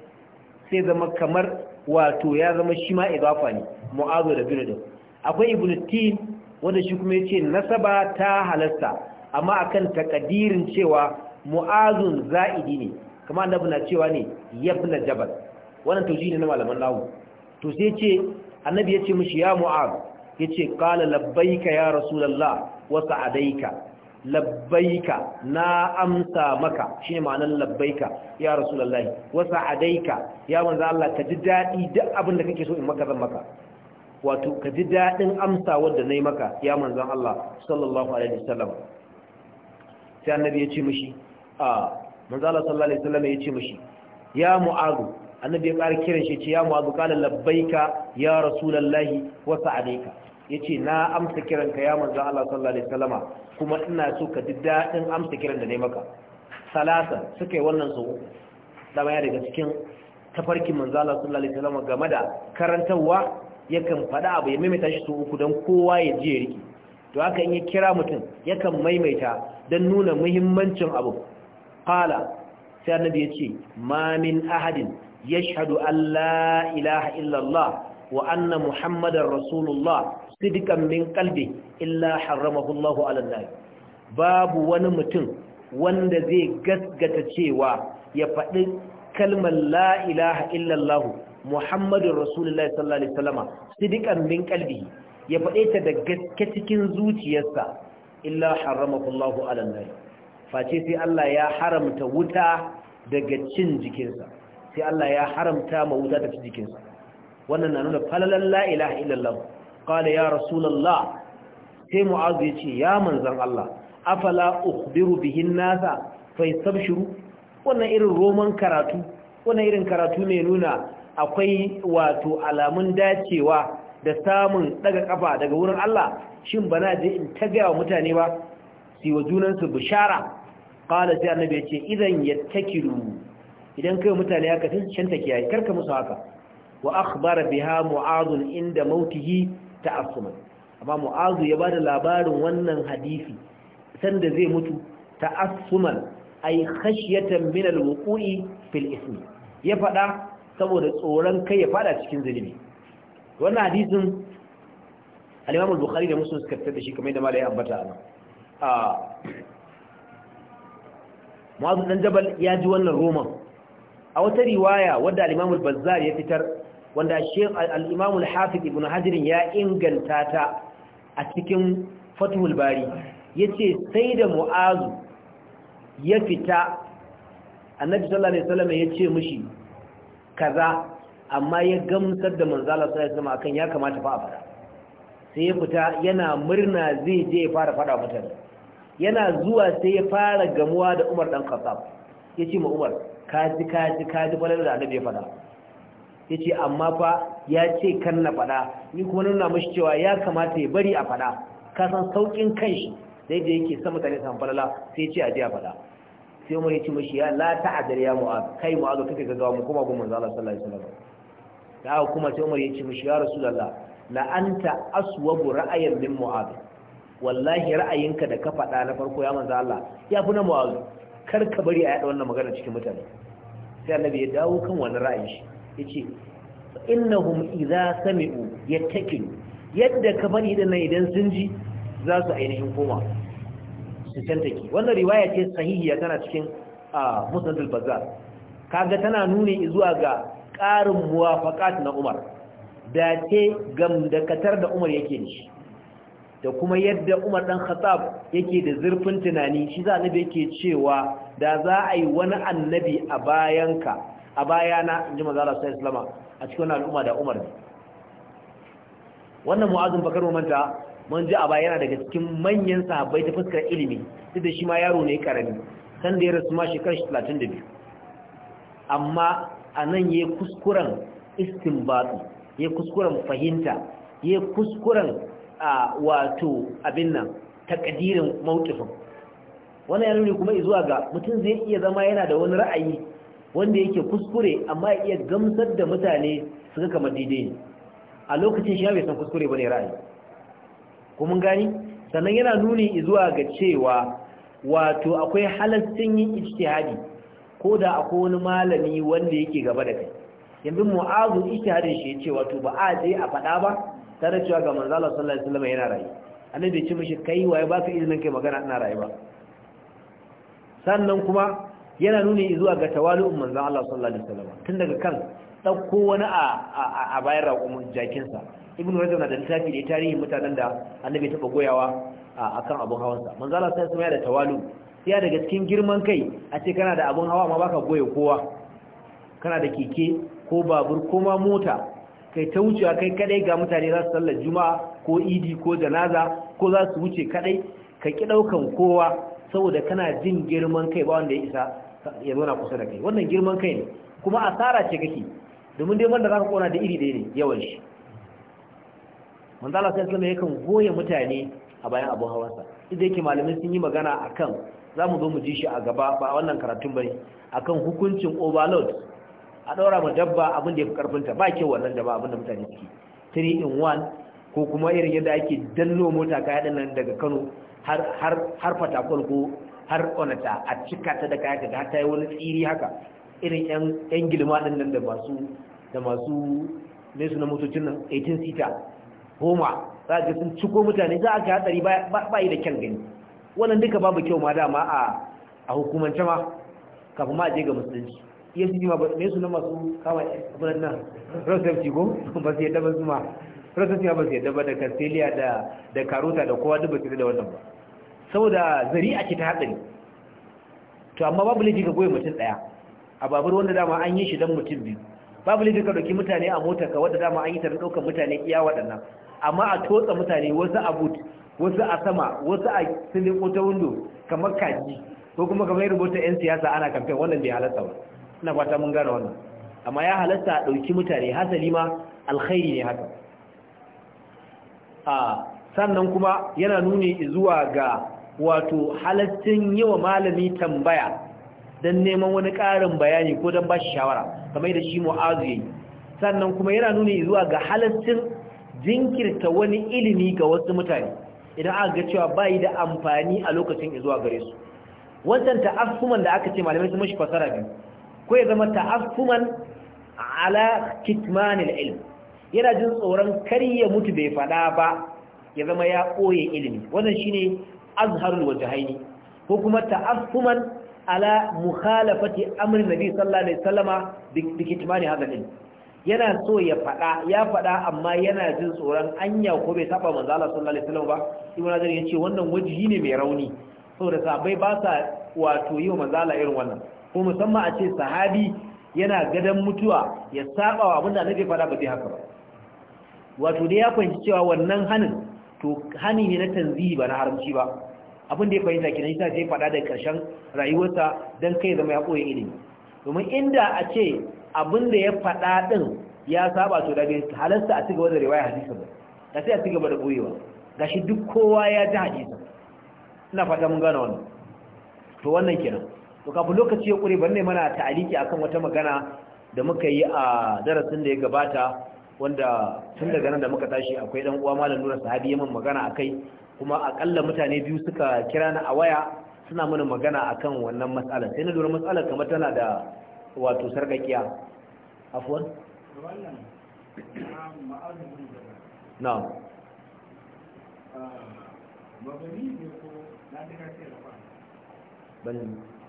sai zama kamar wato ya zama shi ma izafa ne mu'azu da din akwai ibnu tin wanda shi kuma yace nasaba ta halasta amma akan takadirin cewa mu'azun za'idi ne kamar annabi na cewa ne yabna jabal wannan tauji ne na malaman lawo to sai yace annabi yace mishi ya mu'az yace qala labbaika ya rasulullah wa sa'adaika labbaika na amsa maka shine ma'anar labbaika ya rasulullahi wa sa'adaika ya manzo Allah ka ji daɗi duk abin da kake so in maka zan maka wato ka ji daɗin amsa wanda yi maka ya manzo Allah sallallahu alaihi wasallam sai annabi ya ce mishi a manzo Allah sallallahu alaihi wasallam ya ce mishi ya mu'azu annabi ya ƙara kiran shi ce ya mu'adhu qala labbaika ya rasulullahi wa sa'adaika yace na amsa kiran ka ya manzo Allah sallallahu alaihi wasallama kuma ina so ka ji dadin amsa kiran da nayi maka salasa suka yi wannan su dama ya daga cikin tafarkin manzo Allah sallallahu alaihi wasallama game da karantawa yakan faɗa abu ya maimaita shi su uku dan kowa ya ji ya riki to haka in ya kira mutum yakan maimaita don nuna muhimmancin abu qala sai annabi ya ce ma min ahadin yashhadu an la ilaha illallah wa anna muhammadar rasulullah sidikan min kalbi illa haramahu Allahu ala nar babu wani mutum wanda zai gasgata cewa ya faɗi kalmar la ilaha illallah muhammadur rasulullahi sallallahu alaihi wasallama sidikan min kalbi ya faɗe ta da gaske cikin zuciyarsa illa haramahu Allahu ala nar face sai Allah ya haramta wuta daga cin jikinsa sai Allah ya haramta ma wuta ta ci jikinsa wannan na nuna falalan la ilaha illallah qala ya rasulullah sai mu'azu yace ya manzon Allah afala ukhbiru bihin nasa fa shiru. wannan irin roman karatu wannan irin karatu ne nuna akwai wato alamun dacewa da samun daga kafa daga wurin Allah shin bana je in tagaya mutane ba si wa junansu bishara qala sai annabi yace idan yattakilu idan kai mutane haka tun canta kiyaye karka musu haka wa akhbara biha mu'adh inda mautihi ta'assuman amma mu'azu ya bada labarin wannan hadisi sanda zai mutu ta'assuman ay khashyatan min al-wuqu'i fil ismi ya fada saboda tsoron kai ya fada cikin zalimi wannan hadisin al-Imam al-Bukhari da Muslim suka fitar da shi kamar da malai ambata ana a Mu'adh dan Jabal ya ji wannan roman a wata riwaya wadda al-Imam al-Bazzar ya fitar wanda Sheikh al-Imam al-Hafiz Ibn Hajar ya inganta ta a cikin Fathul Bari yace sai da Mu'azu ya fita Annabi sallallahu alaihi wasallam ce mishi kaza amma ya gamsar da manzo Allah sallallahu alaihi wasallam akan ya kamata fa a fara sai ya fita yana murna zai je ya fara fada mutan yana zuwa sai ya fara gamuwa da Umar dan Khattab yace ma Umar kaji kaji kaji falal da Annabi ya fada ya ce amma fa ya ce kan na faɗa ni kuma nuna mashi cewa ya kamata ya bari a faɗa ka san sauƙin kan shi zai da yake sama mutane san falala sai ce a je a faɗa sai umar ya ce mashi ya la ta'adar ya mu'ad kai mu'ad kake gaggawa mu kuma gun manzo Allah sallallahu alaihi wasallam da kuma sai umar ya ce mashi ya rasulullah la anta aswabu ra'ayin min mu'ad wallahi ra'ayinka da ka faɗa na farko ya manzo Allah ya fi na mu'ad kar ka bari a yada wannan magana cikin mutane sai annabi ya dawo kan wani ra'ayin shi yace innahum idza sami'u yattakin yadda ka bari din nan idan sun ji za su ainihin koma su tantake wannan riwaya ce sahihiya tana cikin musnad bazzar kaga tana nuni zuwa ga ƙarin muwafaqat na Umar da ce gamdakatar da Umar yake ni da kuma yadda Umar dan Khattab yake da zurfin tunani shi za annabi yake cewa da za a yi wani annabi a bayanka a baya na ji manzala sai islama a cikin al'umma da umar ne wannan mu'azin bakar manta mun ji a baya yana daga cikin manyan sahabbai ta fuskar ilimi duk da shi ma yaro ne karami san da ya rasu ma da 32 amma a nan ya kuskuren istinbatu ya kuskuren fahimta ya kuskuren a wato abin nan ta mautufin. wannan ya ne kuma zuwa ga mutum zai iya zama yana da wani ra'ayi wanda yake kuskure amma iya gamsar da mutane su ga kamar daidai ne a lokacin shi bai san kuskure bane ra'ayi ko mun gani sannan yana nuni zuwa ga cewa wato akwai halaccin yin ijtihadi ko da akwai wani malami wanda yake gaba da kai yanzu mu'azu ijtihadin shi yace wato ba a je a faɗa ba tare cewa ga manzo Allah sallallahu alaihi wasallam yana rayi annabi ya ce mishi kai waye ka izinin kai magana ina rayuwa ba sannan kuma yana nuni zuwa ga tawali'un Manzan Allah sallallahu alaihi wasallam tun daga kan ɗauko wani a a bayan raƙon jakinsa ibn rajab na da littafi da tarihin mutanen da annabi taɓa goyawa akan kan abin sa Manzan Allah sallallahu alaihi wasallam ya da tawalu ya daga cikin girman kai a ce kana da abin hawa amma baka goya kowa kana da keke ko babur ko ma mota kai ta wucewa kai kadai ga mutane za su sallar juma'a ko idi ko janaza ko za su wuce kadai ka ki ɗaukan kowa saboda kana jin girman kai ba wanda ya isa ya na kusa da kai wannan girman kai ne kuma asara ce kake domin dai wanda zaka kona da iri da ne yawan shi manzo Allah sai yakan goye mutane a bayan abun hawansa idan yake malamai sun yi magana akan zamu zo mu ji shi a gaba ba wannan karatun bane akan hukuncin overload a daura ma dabba abin da karfin karfinta ba ke wannan da ba abin da mutane suke 3 in 1 ko kuma irin yadda ake dallo mota kayan nan daga Kano har har har fatakol ko har onata a cika ta da kaya ta ga ta yi wani tsiri haka irin yan gilma ɗin nan da masu da masu nesu na motocin nan 18 sita homa za ga sun ciko mutane za a ga hatsari ba yi da kyan gani wannan duka babu kyau ma dama a a hukumance ma kafin ma je ga musulunci iya e su ma me su na masu kama abin nan rosafci ko ba su yadda ba su ma rosafci ba su yadda ba da kastiliya da karuta karota da kowa duk ba su da wannan ba saboda zari'a ce ta haɗari to amma babu laifi ga goyi mutum ɗaya a babur wanda dama an yi shi don mutum biyu babu laifi ka ɗauki mutane a mota ka wadda dama an yi ta ɗaukar mutane iya waɗannan amma a tsotsa mutane wasu a but, wasu a sama wasu a silin ko windo kamar kaji ko kuma kamar rubuta 'yan siyasa ana kamfen wannan bai halatta ba ina fata mun gane wannan amma ya halatta a ɗauki mutane hasali ma alkhairi ne haka ah, sannan kuma yana nuni zuwa ga wato halaccin yi wa malami tambaya don neman wani ƙarin bayani ko don ba shi shawara kamar da shi mu'azu ya yi sannan kuma yana nuna zuwa ga halaccin jinkirta wani ilimi ga wasu mutane idan aka ga cewa bayi da amfani a lokacin zuwa gare su wancan ta'affuman da aka ce malamai sun mashi fasara biyu ko ya zama ta'affuman ala kitmanil ilm yana jin tsoron kar ya mutu bai faɗa ba ya zama ya ɓoye ilimi wannan shine azharul wajhaini ko kuma ta'assuman ala mukhalafati amri nabi sallallahu alaihi wasallama bi kitmani hada din yana so ya fada ya fada amma yana jin tsoron anya ko bai saba manzo Allah sallallahu alaihi wasallam ba ibnu azar yace wannan wajihi ne mai rauni saboda sabai ba sa wato yi manzo Allah irin wannan ko musamman a ce sahabi yana gadan mutuwa ya saba wa abinda nabi fada ba zai haka ba wato dai ya fahimci cewa wannan hanin to hani ne na tanzihi ba na haramci ba abin da ya fahimta kenan yasa sai fada da karshen rayuwarsa dan kai zama ya koyi ilimi domin inda a ce abin da ya faɗa din ya saba to da bai a cigaba da riwaya hadisi ba da sai a cigaba da boyewa gashi duk kowa ya ji hadisi ina fata mun gane wannan to wannan kenan to kafin lokaci ya kure ban ne mana ta'aliki akan wata magana da muka yi a darasin da ya gabata wanda tun daga nan da muka tashi akwai dan uwa malam Nura sahabi yamin magana akai kuma akalla mutane biyu suka kira na a waya suna mana magana akan wannan matsala sai na lura matsalar kamar tana da wato sarkakiya afwan na'am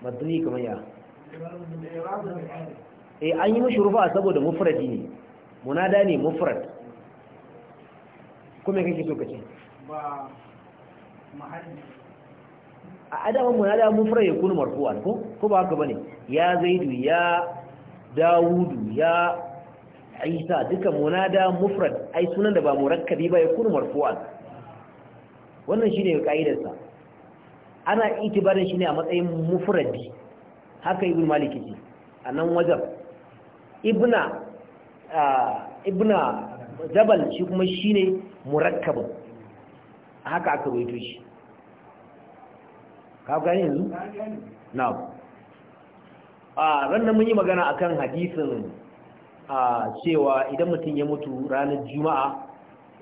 madani kamar ya eh an yi mashi rufa saboda mufradi ne munada ne mufrad kuma kake so kace ba a adaman munada mufrad ya kunu marfu'an ko ko ba haka bane ya zaidu ya dawudu ya isa duka munada mufrad ai sunan da ba murakkabi ba ya kunu marfu'an wannan shine kaidar sa ana itibarin shine a matsayin mufradi haka ibnu malik ce a nan ibna ibna jabal shi kuma shine murakkabin haka aka ruwaito shi ka gani yanzu na'am a ranar mun yi magana akan hadisin a cewa idan mutum ya mutu ranar juma'a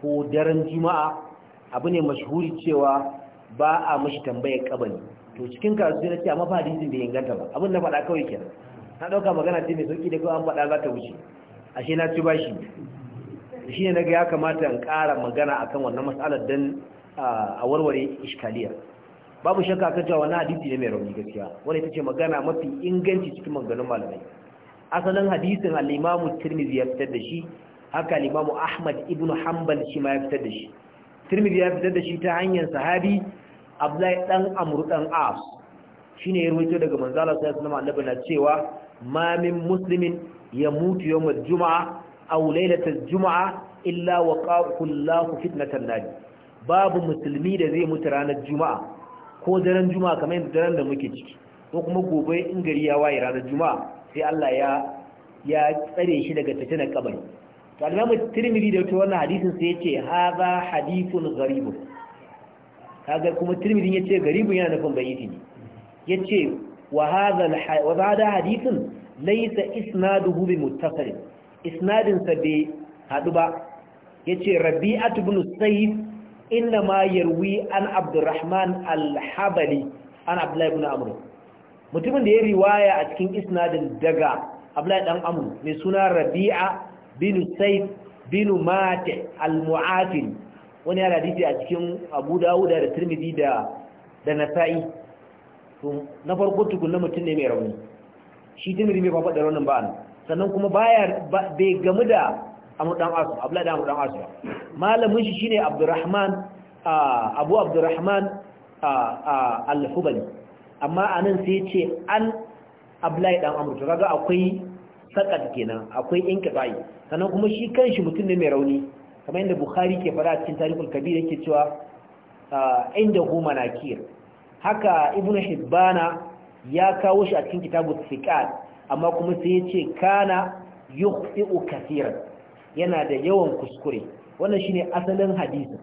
ko daren juma'a abu ne mashhuri cewa ba a mashi tambayar kabari to cikin karatu na ce amma fa hadisin ya ganta ba abin na faɗa kawai kenan na ɗauka magana ce mai sauki da kawai an faɗa za ta wuce shi na ci bashi shi ne na ga ya kamata in ƙara magana akan wannan matsalar don a warware iskaliya babu shakka kan cewa wannan hadisi ne mai rauni gaskiya wanda ita ce magana mafi inganci cikin maganganun malamai asalin hadisin al-Imam Tirmidhi ya fitar da shi haka al-Imam Ahmad ibn Hanbal shi ma ya fitar da shi Tirmidhi ya fitar da shi ta hanyar sahabi Abdullahi dan Amr dan As shine ya rawaito daga manzo Allah sallallahu alaihi wasallam annabi cewa ma min muslimin ya yawm al-jum'a aw laylat al illa waqa'a kullahu fitnatan nadi babu musulmi da zai mutu ranar juma'a ko daren juma'a kamar yadda daren da muke ciki ko kuma gobe in gari ya waye ranar juma'a sai Allah ya ya tsare shi daga fitinar kabari to al-Imam Tirmidhi da wannan hadisin sai yace hadha hadithun gharibun kaga kuma Tirmidhi yace gharibun yana nufin bayyiti ne yace wa hadha wa hadha hadithun laysa isnaduhu bi muttasil isnadin sa bai hadu ba yace Rabi'atu ibn Sayyid inna ma yarwi an abdurrahman Alhabali an abdullahi ibn amr mutumin da ya riwaya a cikin isnadin daga abdullahi dan amr mai suna rabi'a bin sayf bin mate al wani yana hadisi a cikin abu dawuda da tirmidhi da da nasa'i to na farko tukunna mutum ne mai rauni shi tirmidhi bai da raunin ba sannan kuma baya bai gamu da amur dan asu malamin shi shine abdurrahman abu abdurrahman al-hubali amma anan sai ce an abla dan amur kaga akwai sakat kenan akwai inqibai sannan kuma shi kanshi mutum ne mai rauni kamar yadda bukhari ke fara cikin tarihul kabir yake cewa inda huma nakir haka ibnu hibbana ya kawo shi a cikin kitabu thiqat amma kuma sai ya ce kana yukhti'u kaseeran yana da yawan kuskure wannan shine asalin hadisin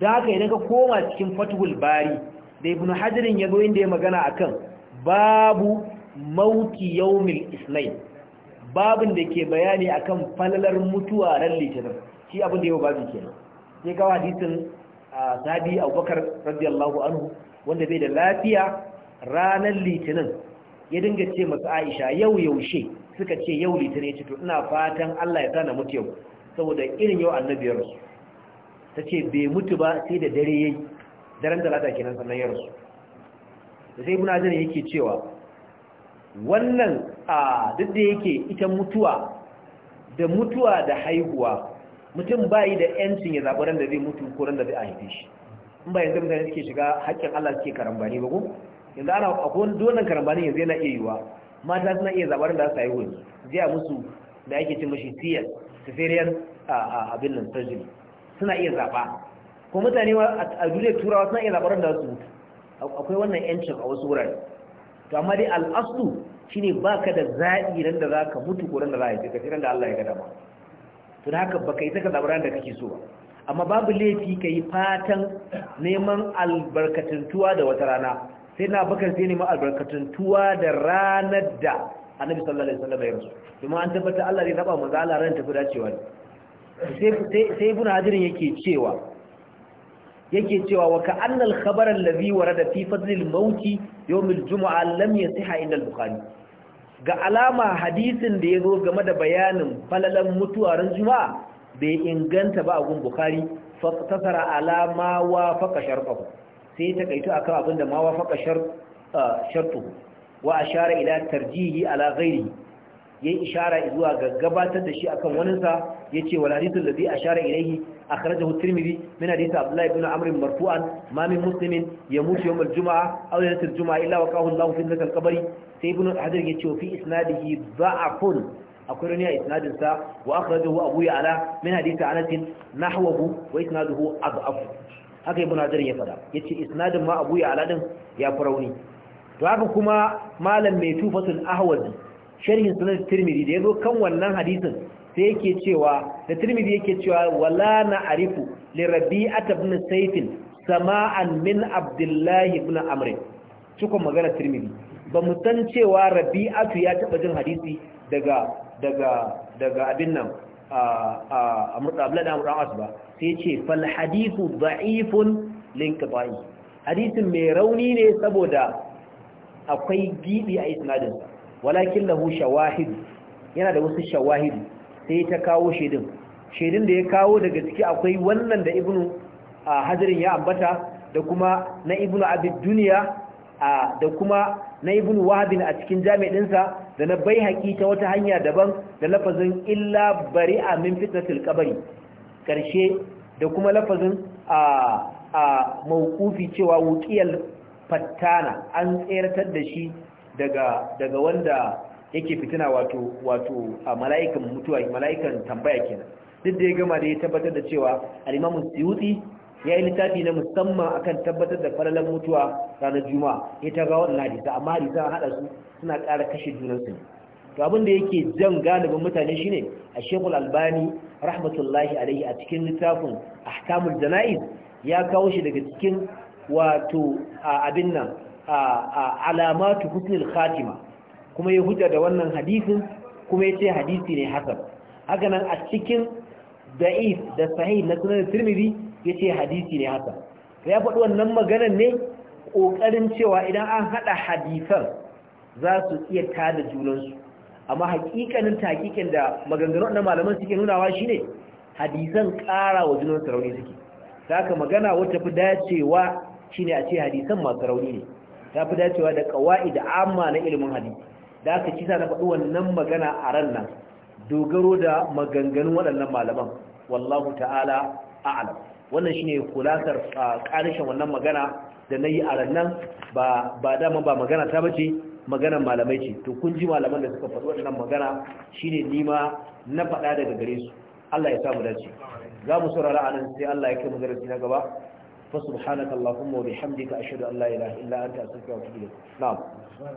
da haka idan ka koma cikin fathul bari da ibnu hajarin ya zo inda ya magana akan babu mauti yawmil Ismail. babin da ke bayani akan falalar mutuwa ran litinin shi abin da yau babu kenan sai kawo hadisin sahabi abubakar radiyallahu anhu wanda bai da lafiya ranar litinin ya dinga ce masu aisha yau yaushe suka ce yau litinin ce to ina fatan Allah ya sana mutu yau saboda irin yau annabi su ta ce bai mutu ba sai da dare yayi daren talata kenan sannan yarsu da sai ibn azar yake cewa wannan a duk da yake ita mutuwa da mutuwa da haihuwa mutum yi da yancin ya zaɓi ran da zai mutu ko ran da zai haife shi in ba yanzu mutane suke shiga haƙƙin Allah suke karambani ba ko yanzu ana akwai donan karambani yanzu yana iya yiwa mata suna iya zaɓar da su haihu ne jiya musu da ake cin mashi tiyas cesarean abin nan surgery suna iya zaɓa ko mutane a duniyar turawa suna iya zaɓar da su akwai wannan yancin a wasu wurare to amma dai al'asu shine baka da zaɓi nan da za ka mutu ko nan da za a yi ka da Allah ya ga dama to da haka baka yi saka zaɓar ran da kake so ba amma babu laifi ka yi fatan neman albarkatuntuwa da wata rana sai na bakar sai nemi tuwa da ranar da annabi sallallahu alaihi wasallam ya rasu kuma an tabbata Allah zai raba manzo Allah ran tafi dacewa sai ibn hajirin yake cewa yake cewa wa ka annal khabar allazi warada fi fadl al maut yawm al lam yasiha inda al bukhari ga alama hadisin da yazo game da bayanin falalan mutuwa ran juma'a bai inganta ba a gun bukhari fa tasara alama wa faqa sharqahu sai ta kaito akan abinda ma wafaka shartu wa ashara ila tarjihi ala ghairi yayi ishara zuwa ga gabatar da shi akan wani sa yace wal hadithu alladhi ashara ilayhi akhrajahu at-tirmidhi da hadith abdullah ibn amr marfu'an mamin min ya mutu yawm al-jum'a aw laylat al-jum'a illa waqahu Allah fi dhikr al-qabri sai ibn hajar yace fi isnadihi da'afun akwai rani a isnadin sa wa akhrajahu abu ala min hadith anas nahwahu wa isnaduhu adhaf haka ibn hajar ya fada yace isnadin ma abu Ya'la din ya farauni to haka kuma malam mai tufatul ahwazi sharhin sunan tirmidhi da yazo kan wannan hadisin sai yake cewa da tirmidhi yake cewa wala na'rifu li Rabi'ah ibn sayfin sama'an min abdullah ibn amr cikon magana tirmidhi ba mu san cewa rabi'atu ya taba jin hadisi daga daga daga abin nan a murda abdullahi amur as ba sai ce fal hadithu linka ba'i hadisin mai rauni ne saboda akwai giɓi a isnadin walakin lahu shawahid yana da wasu shawahid sai ta kawo shaidun, shaidun da ya kawo daga ciki akwai wannan da ibnu hajarin ya ambata da kuma na ibnu abid duniya da kuma na ibn wahabin a cikin jami'insa da na bai haƙi ta wata hanya daban da lafazin illa bari a min fitatul qabri Karshe, da kuma lafazin a a mawqufi cewa wuƙiyar fattana an tsayartar da shi daga daga wanda yake fitina wato wato a mala'ikan mutuwa mala'ikan tambaya kenan duk da ya gama da ya tabbatar da cewa al-imamu suyuti ya yi littafi na musamman akan tabbatar da falalan mutuwa ranar juma'a ya ta ga wannan hadisa amma hadisa haɗa su suna ƙara kashe junansu ne to abin da yake jan galibin mutane shine a shekul albani rahmatullahi alaihi a cikin littafin ahkamul jana'iz ya kawo shi daga cikin wato a abin nan alamatu husnul khatima kuma ya hujja da wannan hadisin kuma ya ce hadisi ne hasan haka nan a cikin da'if da sahih na sunan tirmidhi ya ce hadisi ne haka ya faɗi wannan maganar ne ƙoƙarin cewa idan an haɗa hadisan za su iya tada junansu amma ta takikin da maganganun na malaman suke nunawa shine hadisan ƙara wa junan sarauni suke ta magana wata fi dacewa shi ne a ce hadisan masu rauni ne ta fi dacewa da ƙawa'i da amma na ilimin hadisi da aka ci na faɗi wannan magana a ran nan dogaro da maganganun waɗannan malaman wallahu ta'ala a'lam wannan shine kulasar karishin wannan magana da nayi a rannan ba ba dama ba magana ta bace maganar malamai ce to kun ji malaman da suka faɗi wannan magana shine nima na faɗa daga gare su Allah ya samu dace za mu saurara anan sai Allah ya kai mu darasi na gaba fa subhanakallahumma wa bihamdika ashhadu an la ilaha illa anta astaghfiruka wa atubu ilaik na'am